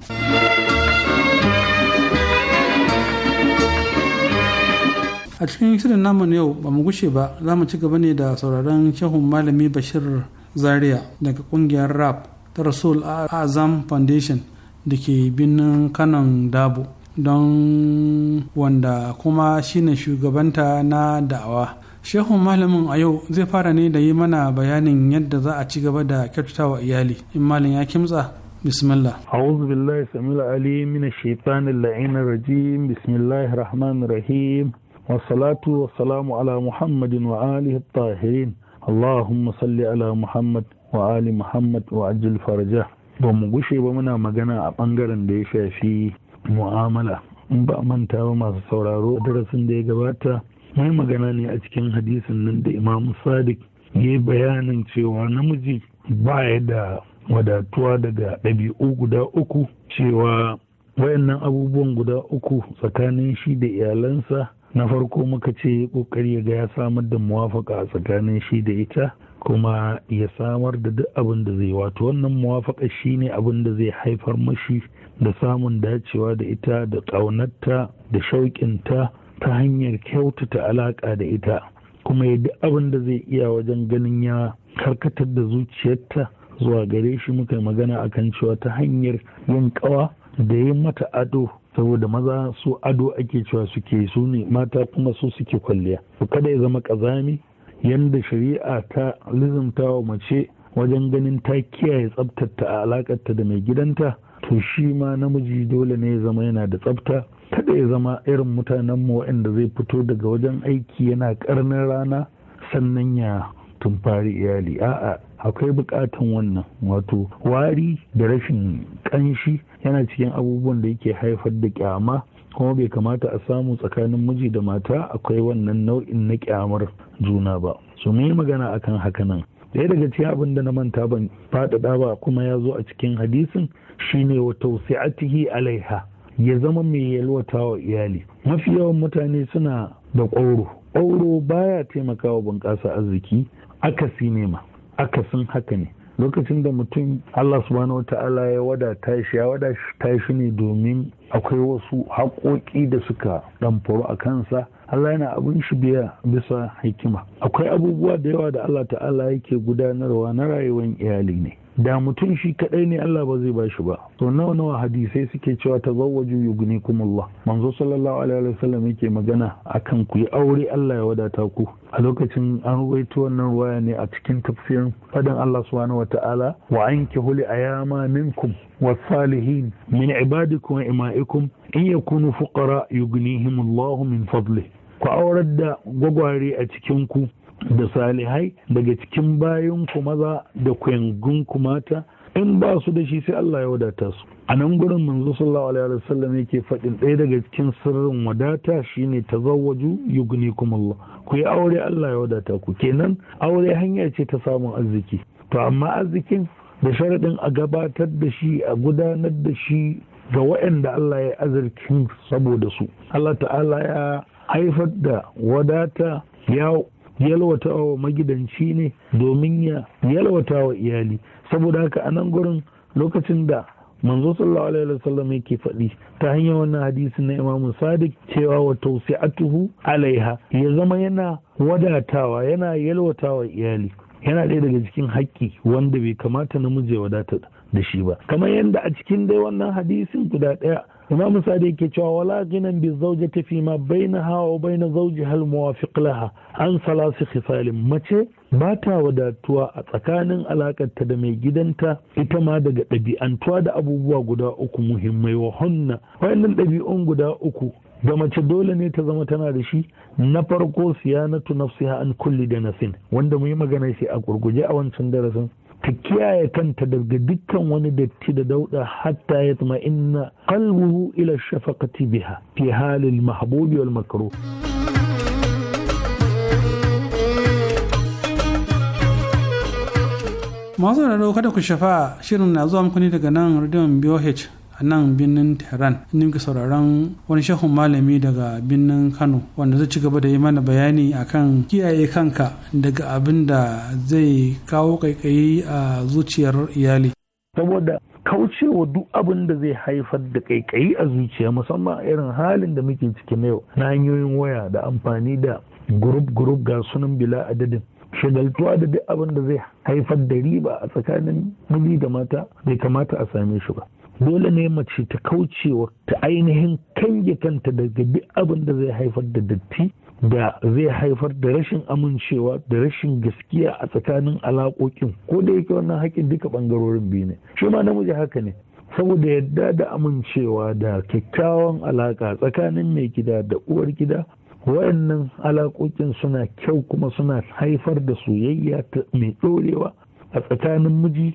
Speaker 12: a cikin shirin namu na yau ba mu gushe ba za mu ci gaba ne da sauraron shehun malami bashir zaria daga kungiyar rap ta rasul azam foundation da ke birnin kanan dabo don wanda kuma shine shugabanta na da'awa. shehu malamin a yau zai fara ne da yi mana bayanin yadda za a ci gaba da kyautatawa iyali in malin ya kimsa bismillah
Speaker 13: a'udhu billahi samil ali min shaitanir la'ina rajim bismillah rahman rahim wa salatu wa salamu ala muhammadin wa alihi tahirin allahumma salli ala muhammad wa ali muhammad wa ajil farja ba mu gushe ba muna magana a bangaren da ya shafi mu'amala in ba manta ba masu sauraro A darasin da ya gabata mai magana ne a cikin hadisin nan da imamu sadiq ya yi bayanin cewa namiji ba ya da wadatuwa daga ɗabi'u guda uku cewa wayannan abubuwan guda uku tsakanin shi da iyalansa na farko muka ce kokari ya ga ya samar da muwafaka a tsakanin shi da ita kuma ya samar da duk abin da zai wato wannan muwafaka shine abin da zai haifar mashi da samun dacewa da ita da ƙaunarta da shauƙinta ta hanyar kyautata alaƙa da ita kuma ya abin da zai iya wajen ganin ya karkatar da zuciyarta zuwa gare shi muka magana akan cewa ta hanyar yin ƙawa da yin mata ado saboda maza su ado ake cewa suke su ne mata kuma su suke kwalliya su kada ya zama ƙazami yadda shari'a ta lizimta wa mace wajen ganin ta kiyaye tsabtata a alakarta da mai gidanta to shi ma namiji dole ne ya zama yana da tsafta kada ya zama irin mutanen mu waɗanda zai fito daga wajen aiki yana karnin rana sannan ya tumfari iyali a'a akwai bukatan wannan wato wari da rashin kanshi yana cikin abubuwan da yake haifar da kyama kuma bai kamata a samu tsakanin miji da mata akwai wannan nau'in na kyamar juna ba su yi magana akan haka nan? ɗaya daga cikin abin da na manta ban faɗaɗa ba kuma ya zo a cikin hadisin shine wa a alaiha ya zama mai yalwata wa iyali mafi yawan mutane suna da ƙwauro ƙwauro baya taimakawa bunƙasa arziki akasi ne ma akasin haka ne lokacin da mutum Allah subhanahu ta'ala ya wadata shi ya wadata shi ne domin akwai wasu haƙoƙi da suka ɗamfaru a kansa Allah yana abin shi biya bisa hikima akwai abubuwa da yawa da Allah ta'ala yake gudanarwa na rayuwar iyali ne da mutum shi kadai ne Allah ba zai bashi ba to nawa nawa hadisai suke cewa ta tazawwaju Allah? manzo sallallahu alaihi wasallam yake magana akan ku yi aure Allah ya wadata ku a lokacin an ruwaito wannan ruwaya ne a cikin tafsirin fadan Allah subhanahu wataala wa ankihu li ayama minkum والصالحين من عبادكم وإمائكم إن يكونوا فقراء يغنيهم الله من فضله ku aurar da gwagware a cikinku da salihai daga cikin bayan maza da kwangun ku mata in ba su da shi sai Allah ya wadata su a nan gurin manzo sallallahu alaihi wa sallam yake faɗin ɗaya daga cikin sirrin wadata shine tazawwaju yughnikum Allah ku yi aure Allah ya wadata ku kenan aure hanya ce ta samun arziki to amma arzikin da sharaɗin a gabatar da shi a gudanar da shi ga waɗanda Allah ya azurkin saboda su Allah ta'ala ya haifar da wadata ya yalwata wa magidanci ne domin ya yalwata wa iyali saboda haka a nan gurin lokacin da manzo sallallahu alaihi wasallam yake faɗi ta hanyar wannan hadisi na imamu sadiq cewa wa tausi'atuhu alaiha ya zama yana wadatawa yana yalwatawa iyali yana ɗaya daga cikin haƙƙi wanda bai kamata namiji ya wadata da shi ba kamar yadda a cikin dai wannan hadisin guda ɗaya imamu sadi yake cewa wala ginan bi zauja ta fi ma baina hawa baina zauji hal muwafiq laha an salasu khisalin mace ba ta wadatuwa a tsakanin alakarta da mai gidanta ita ma daga ɗabi'antuwa da abubuwa guda uku muhimmai wa hunna wayannan ɗabi'un guda uku da mace dole ne ta zama tana da shi na farko na nafsiha an kulli da nasin wanda mu yi magana shi a gurguje a wancan darasin ta kiyaye kanta daga dukkan wani datti da dauda hatta ya tuma inna qalbuhu ila shafakati biha fi halin mahbubi wal
Speaker 12: masu raro kada ku shafa shirin na zuwa muku ne daga nan rediyon BOH a nan birnin tehran inda sauraron wani shehun malami daga birnin kano wanda zai ci gaba da yi mana bayani akan kiyaye kanka daga abin da zai
Speaker 13: kawo kaikayi a zuciyar iyali saboda kaucewa duk abin da zai haifar da kaikayi a zuciya musamman irin halin da muke ciki na yau na hanyoyin waya da amfani da gurup gurup ga sunan bila adadin shagaltuwa da duk abin da zai haifar da riba a tsakanin miji da mata bai kamata a same shi ba dole ne mace ta kaucewa ta ainihin kange kanta daga duk abin da zai haifar da datti da zai haifar da rashin amincewa da rashin gaskiya a tsakanin alaƙoƙin ko da yake wannan haƙin duka ɓangarorin biyu ne shi ma namiji haka ne saboda yadda da amincewa da kyakkyawan alaƙa tsakanin mai gida da uwar gida wayannan alaƙoƙin suna kyau kuma suna haifar da soyayya mai ɗorewa a tsakanin miji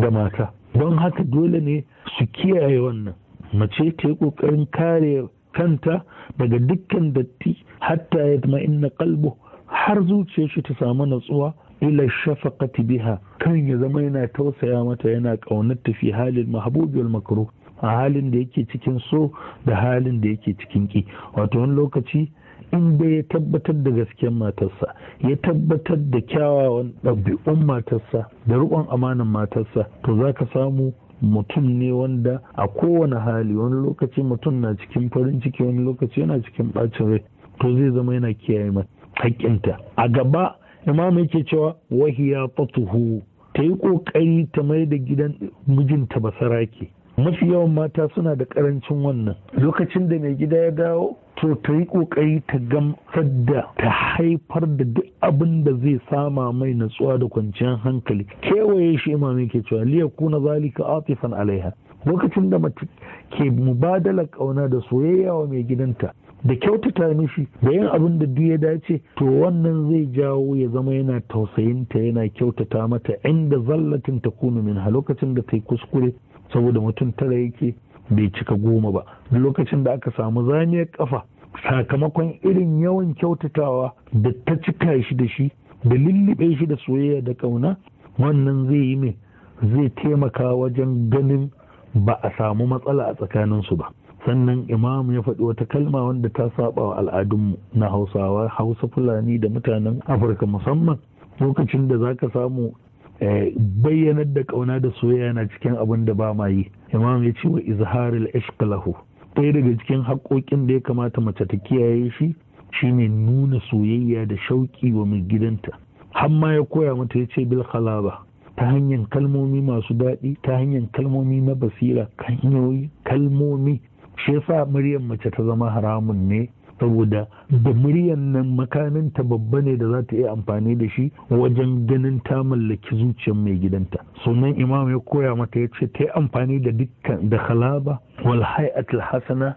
Speaker 13: da mata don haka dole ne su kiyaye wannan mace ta yi ƙoƙarin kare kanta daga dukkan datti hatta ya zama inna kalbo har zuciya shi ta samu natsuwa ila shafaqati biha kan ya zama yana tausaya mata yana ƙaunar tafi halin mahbubi wal makruh a halin da yake cikin so da halin da yake cikin ki wato wani lokaci in bai ya tabbatar da gasken matarsa ya tabbatar da kyawawan ɗabi'un matarsa da riƙon amanin matarsa to za ka samu mutum ne wanda a kowane hali wani lokaci mutum na cikin farin ciki wani lokaci yana cikin ɓacin rai to zai zama yana kiyaye mai haƙƙinta a gaba imam yake cewa wahi ya fatuhu ta yi ƙoƙari ta mai da gidan mijinta basaraki mafi yawan mata suna da ƙarancin wannan lokacin da mai gida ya dawo so ta yi ƙoƙari ta gamsar da ta haifar da duk abin da zai sama mai natsuwa da kwanciyar hankali kewaye shi imam yake cewa liya kuna zalika atifan alaiha lokacin da mace ke mubadala ƙauna da soyayya wa mai gidanta da kyautata mishi da yin abin da duk ya dace to wannan zai jawo ya zama yana tausayinta yana kyautata mata inda zallatin ta kunu min lokacin da ta yi kuskure saboda mutum tara yake bai cika goma ba lokacin da aka samu zamiyar kafa sakamakon irin yawan kyautatawa da ta cika shi da shi da lullube shi da soyayya da kauna wannan zai yi mai zai taimaka wajen ganin ba a samu matsala a tsakaninsu ba sannan imam ya faɗi wata kalma wanda ta saba wa al'adunmu na hausawa hausa fulani da mutanen afirka musamman lokacin da za ka samu Eh, bayyanar da kauna da soyayya na cikin abin da ba ma yi imam ya ce wa izharil ishq lahu ɗaya daga cikin haƙoƙin da ya kamata mace ta kiyaye shi shine nuna soyayya da shauƙi wa mai gidanta hamma ya koya mata ya ce bil khalaba ta hanyar kalmomi masu daɗi ta hanyar kalmomi na basira hanyoyi kalmomi shi yasa muryar mace ta zama haramun ne saboda da muryan nan makaminta babba ne da za ta iya amfani da shi wajen ganin ta mallaki zuciyar mai gidanta sunan imam ya koya mata ya ce ta yi amfani da dukkan da halaba wal hay'atul hasana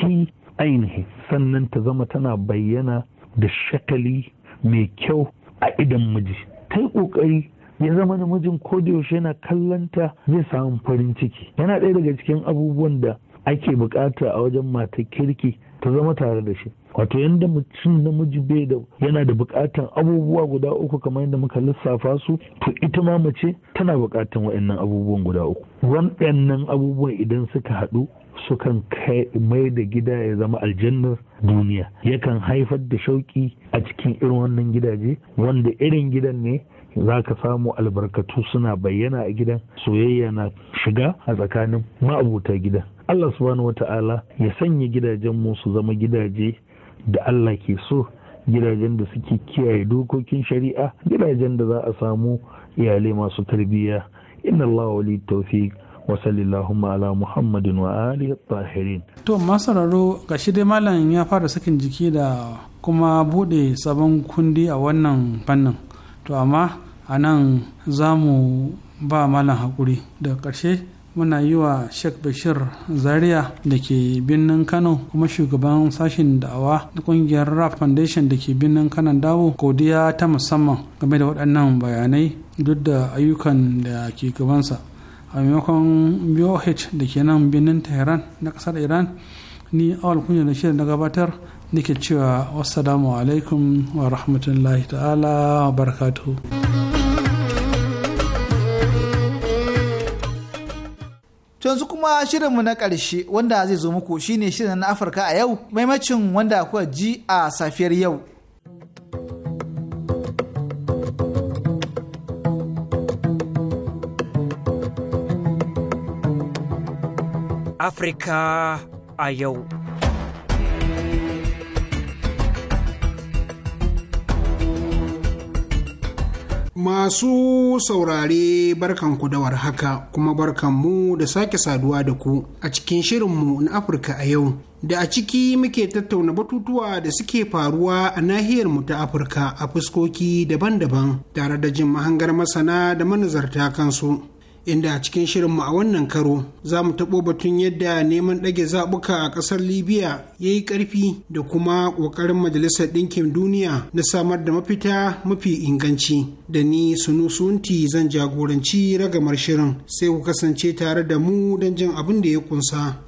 Speaker 13: fi ainihi sannan ta zama tana bayyana da shakali mai kyau a idan miji ta yi ƙoƙari ya zama namijin yaushe yana kallanta zai samu farin ciki yana ɗaya daga cikin abubuwan da ake bukata a wajen matar kirki ta zama tare da shi wato yadda mutum namiji bai da yana da bukatan abubuwa guda uku kamar yadda muka lissafa su to ita ma mace tana bukatan waɗannan abubuwan guda uku waɗannan abubuwan idan suka haɗu sukan kai mai da gida ya zama aljannar duniya yakan haifar da shauki a cikin irin wannan gidaje wanda irin gidan ne za ka samu albarkatu suna bayyana a gidan soyayya na shiga a tsakanin ma'abuta gidan Allah subhanahu wata'ala ya sanya gidajen mu su zama gidaje da Allah ke so gidajen da suke kiyaye dokokin shari'a gidajen da za a samu iyalai masu tarbiyya inna Allah wali tawfiq wa sallallahu ala muhammadin wa alihi tahirin
Speaker 12: to masararo ga shi dai malam ya fara sakin jiki da kuma bude sabon kundi a wannan fannin to amma a nan za ba malam hakuri da karshe? muna yi wa sheikh bashir zaria da ke birnin kano kuma shugaban sashen da'awa na kungiyar raf foundation da ke birnin kano dawo godiya ta musamman game da waɗannan bayanai duk da ayyukan da ke gabansa a maimakon boh da ke nan birnin tehran na ƙasar iran ni awal kunya da shirin na gabatar nake cewa wasu alaikum wa rahmatullahi ta'ala wa barakatuhu yanzu kuma
Speaker 1: shirinmu na ƙarshe wanda zai zo muku shine shirin na Afirka a yau maimacin wanda kuka ji a safiyar yau.
Speaker 5: Afirka a yau. Masu
Speaker 4: saurare barkan ku da warhaka kuma barkan mu da sake saduwa da ku a cikin shirinmu na Afirka a yau. da a ciki muke tattauna batutuwa da suke faruwa a nahiyar mu ta Afirka a fuskoki daban-daban tare da jin mahangar masana da manazarta kansu. inda a cikin shirinmu a wannan karo za mu taɓo batun yadda neman ɗage zaɓuka a ƙasar libya ya yi ƙarfi da kuma ƙoƙarin majalisar ɗinkin duniya na samar da mafita mafi inganci da ni sunu sunti zan jagoranci ragamar shirin sai ku kasance tare da mu don jin abin da ya kunsa.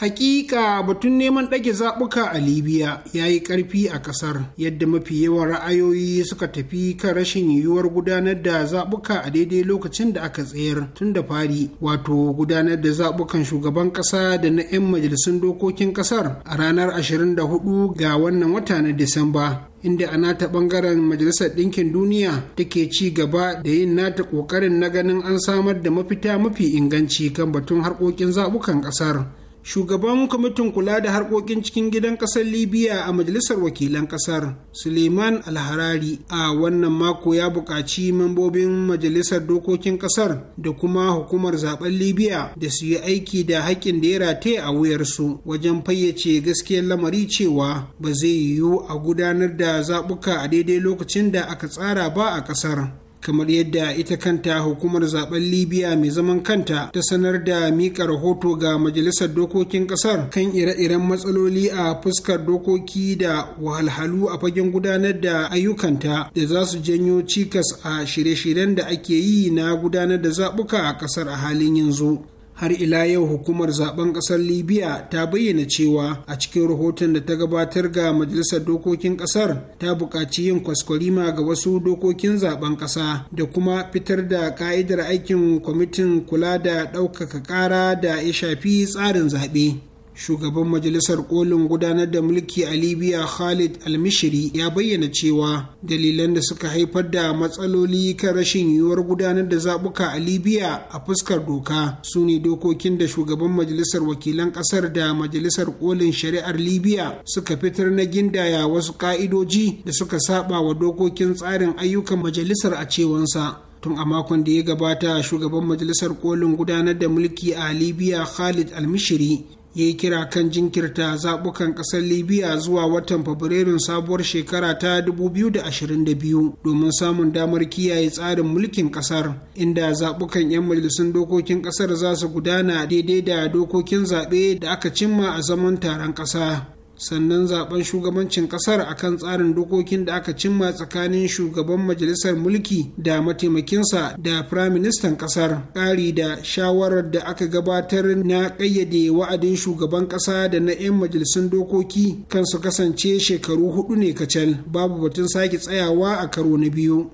Speaker 4: Hakika batun neman ɗage zaɓuka a Libya ya yi ƙarfi a ƙasar, yadda mafi yawan ra'ayoyi suka tafi kan rashin yiwuwar gudanar da zaɓuka a daidai lokacin da aka tsayar tun da fari, wato gudanar da zaɓukan shugaban ƙasa da na 'yan majalisun dokokin ƙasar a ranar 24 ga wannan wata na Disamba. inda a nata bangaren majalisar ɗinkin duniya take ci gaba da yin nata ƙoƙarin na ganin an samar da mafita mafi inganci kan batun harkokin zaɓukan ƙasar shugaban kwamitin kula da harkokin cikin gidan kasar libya a majalisar wakilan kasar suleiman alharari a wannan mako ya buƙaci mambobin majalisar dokokin kasar da kuma hukumar zaben libya da su yi aiki da haƙƙin da ya rataye a wuyarsu wajen fayyace gaskiyar lamari cewa ba zai yiwu a gudanar da zaɓuka a daidai lokacin da aka tsara ba a kasar kamar yadda ita kanta hukumar zaben libya mai zaman kanta ta sanar da mika rahoto ga majalisar dokokin kasar kan ire-iren matsaloli a fuskar dokoki da wahalhalu a fagen gudanar da ayyukanta da za su janyo cikas a shirye-shiryen da ake yi na gudanar da zaɓuka a kasar a halin yanzu har ila yau hukumar zaben kasar libya ta bayyana cewa a cikin rahoton da ta gabatar ga majalisar dokokin kasar ta buƙaci yin kwaskwalima ga wasu dokokin zaben ƙasa da kuma fitar da ka'idar aikin kwamitin kula da ɗaukaka ƙara da ya shafi tsarin zaɓe shugaban majalisar kolin gudanar da mulki a libya khalid almishiri ya bayyana cewa dalilan da suka haifar da matsaloli kan rashin yiwuwar gudanar da zabuka a libya a fuskar doka su ne dokokin da shugaban majalisar wakilan kasar da majalisar kolin shari'ar libya suka fitar na gindaya wasu ka'idoji da suka saba wa dokokin tsarin ayyukan majalisar a cewansa tun a makon da ya gabata shugaban majalisar kolin gudanar da mulki a libya khalid almishiri ya yi kira kan jinkirta zaɓukan ƙasar libya zuwa watan fabrairun sabuwar shekara ta 2022 domin samun damar kiyaye tsarin mulkin ƙasar inda zaɓukan 'yan majalisun dokokin ƙasar za su gudana daidai da dokokin zaɓe da aka cimma a zaman taron ƙasa sannan zaben shugabancin kasar kan tsarin dokokin da aka cimma tsakanin shugaban majalisar mulki da mataimakinsa da firaministan kasar ƙari da shawarar da aka gabatar na ƙayyade wa'adin shugaban ƙasa da na 'yan majalisun dokoki kan su kasance shekaru hudu ne kacal babu batun sake tsayawa a karo na biyu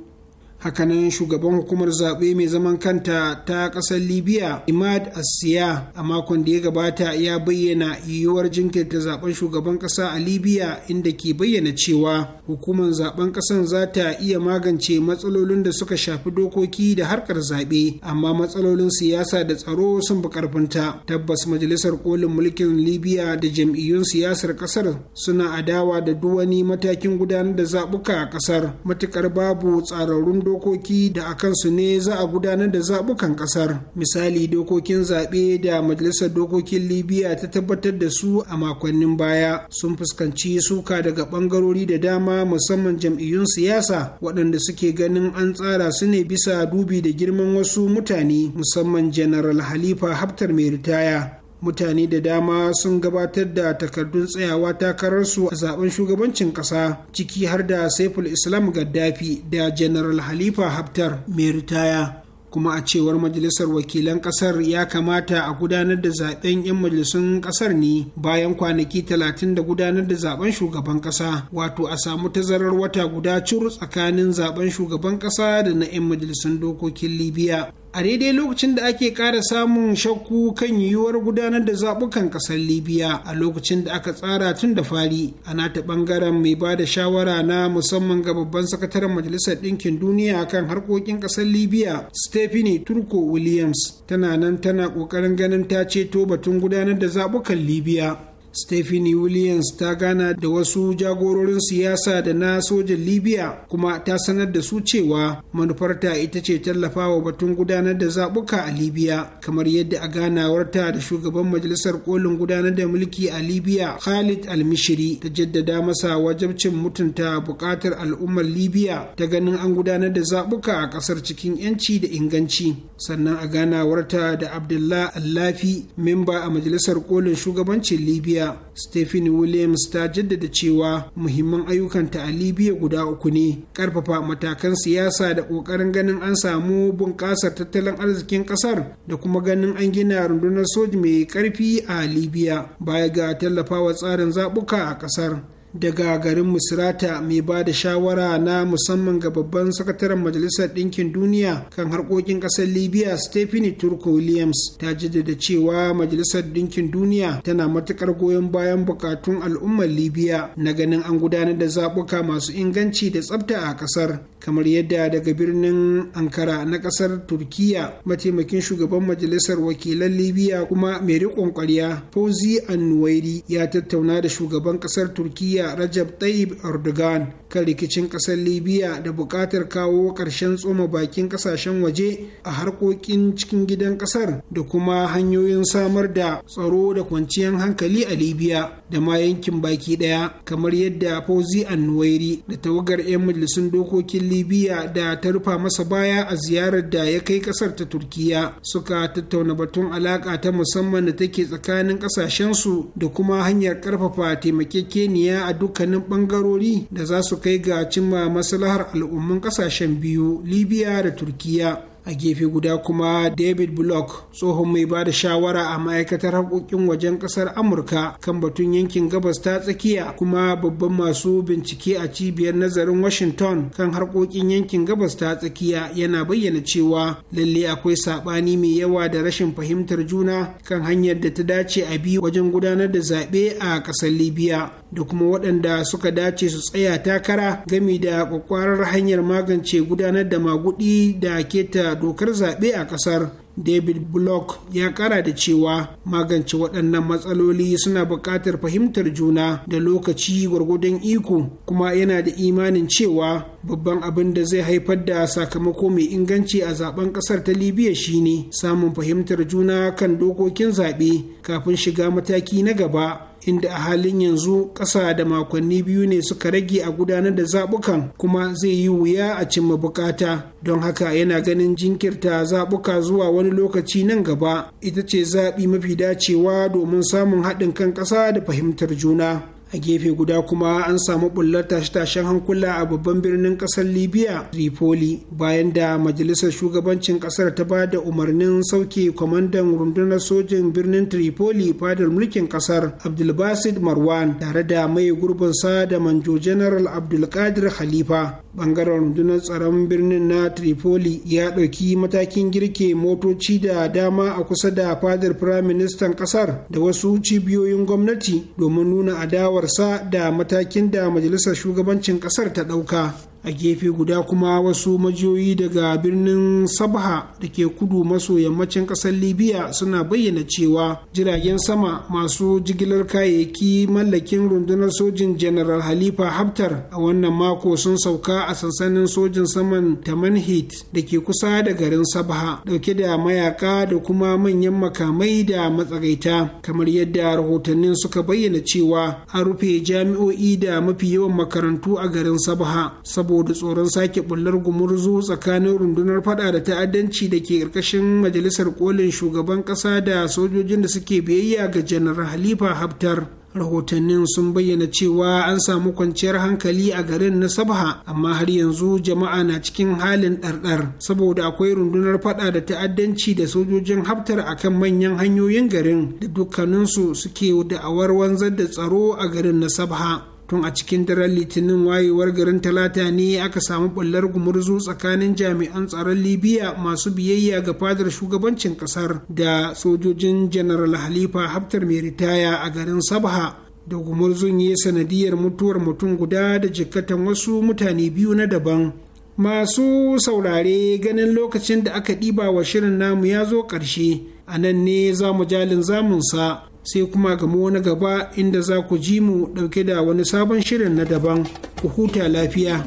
Speaker 4: hakanan shugaban hukumar zaɓe mai zaman kanta ta ƙasar libya imad asiya a makon da ya gabata ya bayyana yiwuwar jinkirta zaben shugaban ƙasa a libya inda ke bayyana cewa hukumar zaben ƙasan za ta iya magance matsalolin da suka shafi dokoki da harkar zaɓe amma matsalolin siyasa da tsaro sun bi ƙarfinta tabbas majalisar kolin mulkin libya da jam'iyyun siyasar ƙasar suna adawa da duk wani matakin gudanar da zaɓuka a ƙasar matuƙar babu tsararrun dokoki da a kansu ne za a gudanar da zaɓukan ƙasar misali dokokin zaɓe da majalisar dokokin libya ta tabbatar da su a makonnin baya sun fuskanci suka daga ɓangarori da dama musamman jam'iyyun siyasa waɗanda suke ganin an tsara su ne bisa dubi da girman wasu mutane musamman general halifa haftar mai ritaya mutane da dama sun gabatar da takardun tsayawa takararsu a zaben shugabancin ƙasa ciki har da saiful islam gaddafi da general halifa haftar mai ritaya kuma a cewar majalisar wakilan kasar ya kamata a gudanar da zaben 'yan majalisun kasar ne bayan kwanaki talatin da gudanar da zaben shugaban kasa wato a samu tazarar wata guda cur tsakanin zaben shugaban kasa da na 'yan majalisun dokokin libya a daidai lokacin da ake ƙara samun shakku kan yiwuwar gudanar da zaɓukan ƙasar libiya a lokacin da aka tsara tun da fari ana ta ɓangaren mai ba da shawara na musamman ga babban sakataren majalisar ɗinkin duniya a kan harkokin ƙasar libiya stephanie turko williams tana nan tana ƙoƙarin ganin ta ceto batun gudanar da zaɓukan libiya. Stephanie Williams ta gana da wasu jagororin siyasa da na sojan Libya kuma ta sanar da su cewa manufarta ita ce tallafawa batun gudanar da zaɓuka a Libya kamar yadda a ganawarta da shugaban majalisar kolin gudanar da mulki a Libya Khalid al Almishiri ta jaddada masa wajabcin mutunta buƙatar al'ummar Libya ta ganin an gudanar da zaɓuka a ƙasar cikin 'yanci da inganci sannan a ganawarta da Abdullah Allafi memba a majalisar kolin shugabancin Libya libya stephen williams ta jaddada cewa muhimman ayyukan ta a libya guda uku ne karfafa matakan siyasa da kokarin ganin an samu bunƙasar tattalin arzikin kasar da kuma ganin an gina rundunar soji mai karfi a libya baya ga tallafawa tsarin zaɓuka a kasar daga garin misrata mai ba da shawara na musamman ga babban sakataren majalisar ɗinkin duniya kan harkokin ƙasar libya stephanie turko williams ta jaddada cewa majalisar ɗinkin duniya tana matuƙar goyon bayan buƙatun al'ummar libya na ganin an gudanar da zaɓuka masu inganci da tsabta a ƙasar kamar yadda daga birnin ankara na ƙasar turkiya mataimakin shugaban majalisar wakilan libya kuma mai riƙon ƙwarya fauzi annuwairi ya tattauna da shugaban ƙasar turkiya turkiya rajab tayyib erdogan kan rikicin kasar libya da buƙatar kawo ƙarshen tsoma bakin ƙasashen waje a harkokin cikin gidan ƙasar da kuma hanyoyin samar da tsaro da kwanciyar hankali a libya da ma yankin baki ɗaya kamar yadda fauzi annuwairi da tawagar 'yan majalisun dokokin libya da ta rufa masa baya a ziyarar da ya kai ƙasar ta turkiya suka tattauna batun alaƙa ta musamman da take tsakanin ƙasashensu da kuma hanyar ƙarfafa taimakekeniya a dukkanin bangarori da za su kai ga cimma maslahar al'ummun kasashen biyu libya da turkiya a gefe guda kuma david block tsohon mai ba da shawara a ma'aikatar haƙoƙin wajen ƙasar amurka kan batun yankin gabas ta tsakiya kuma babban masu bincike a cibiyar nazarin washington kan harkokin yankin gabas ta tsakiya yana bayyana cewa lalle akwai saɓani mai yawa da rashin fahimtar juna kan hanyar da ta dace a biyu wajen gudanar da zaɓe a ƙasar libya da kuma waɗanda suka dace su tsaya takara gami da kwakwarar hanyar magance gudanar da maguɗi da keta dokar zaɓe a ƙasar david block ya kara da cewa magance waɗannan matsaloli suna buƙatar fahimtar juna da lokaci gwargwadon iko kuma yana da imanin cewa babban abin da zai haifar da sakamako mai inganci a zaben ƙasar ta libya shine samun fahimtar juna kan dokokin zaɓe kafin shiga mataki na gaba inda a halin yanzu ƙasa da makonni biyu ne suka rage a gudanar da zaɓukan kuma zai yi wuya a cimma bukata don haka yana ganin jinkirta zaɓuka zuwa wani wani lokaci nan gaba ita ce zaɓi mafi dacewa domin samun haɗin kan ƙasa da fahimtar juna. a gefe guda kuma an samu bullar tashe-tashen hankula a babban birnin kasar libya tripoli bayan da majalisar shugabancin kasar ta ba da umarnin sauke kwamandan rundunar sojin birnin tripoli fadar mulkin kasar abdulbasid marwan tare da mai gurbin sa da manjo general abdulkadir khalifa bangaren rundunar tsaron birnin na tripoli ya ɗauki matakin girke motoci da dama a kusa da fadar firaministan kasar da wasu cibiyoyin gwamnati domin nuna adawar adawarsa da matakin da majalisar shugabancin kasar ta ɗauka a gefe guda kuma wasu majiyoyi daga birnin sabha da ke kudu maso yammacin kasar libya suna bayyana cewa jiragen sama masu jigilar kayayyaki mallakin rundunar sojin general halifa haftar a wannan mako sun sauka a sansanin sojin saman tamanhit da ke kusa da garin sabha dauke da mayaka da kuma manyan makamai da matsagaita kamar yadda rahotannin suka bayyana cewa an rufe jami'o'i da mafi yawan makarantu a garin sabha saboda saboda tsoron sake bullar gumurzu tsakanin rundunar fada da ta'addanci da ke ƙarƙashin majalisar kolin shugaban ƙasa da sojojin da suke biyayya ga janar halifa haftar rahotannin sun bayyana cewa an samu kwanciyar hankali a garin na sabha amma har yanzu jama'a na cikin halin ɗarɗar saboda akwai rundunar fada da ta'addanci da sojojin haftar kan manyan hanyoyin garin da dukkaninsu suke da'awar wanzar da tsaro a garin na sabha tun a cikin daren litinin wayewar garin talata ne aka samu bullar gumurzu tsakanin jami'an tsaron libya masu biyayya ga fadar shugabancin kasar da sojojin general halifa haftar mai ritaya a garin sabha da gumurzun ya sanadiyar mutuwar mutum guda da jikkatan wasu mutane biyu na daban masu saurare ganin lokacin da aka ɗiba wa shirin namu ya zo ƙarshe a nan ne za mu jalin zamunsa sai kuma gamo wani gaba inda za ku ji mu ɗauke da wani sabon shirin na daban ku huta lafiya.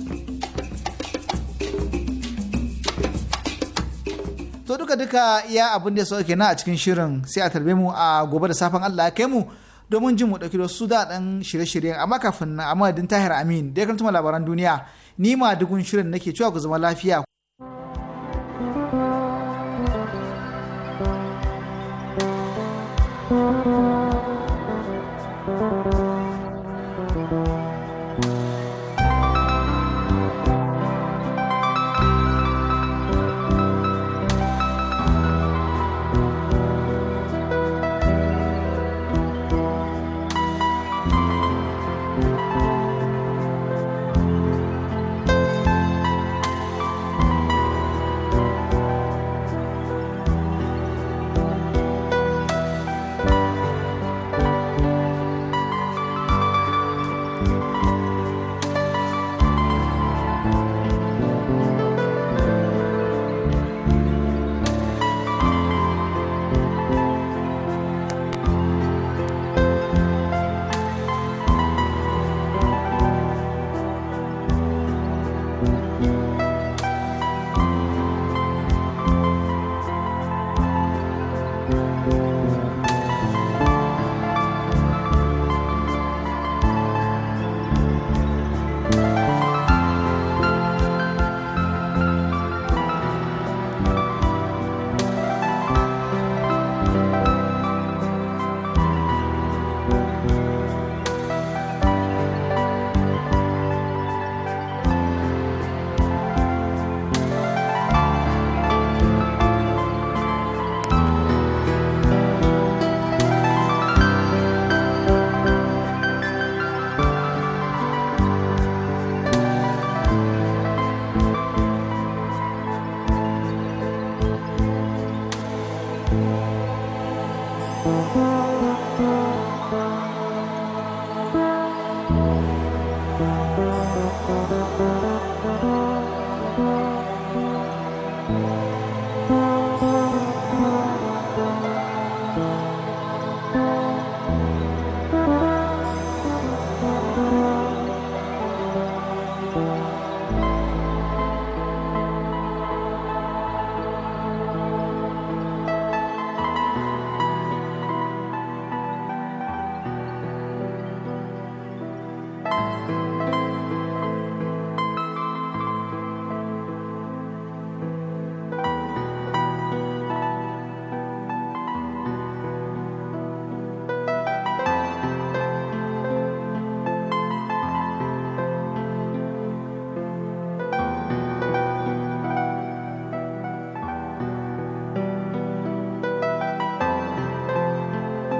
Speaker 1: To duka duka iya abin da ya sauke na a cikin shirin sai a tarbe mu a gobe da safan Allah ya kai mu domin jin mu ɗauki wasu daɗin shirye shirye-shiryen amma kafin na amadin tahir amin da ya labaran duniya ni ma dugun shirin nake cewa ku zama lafiya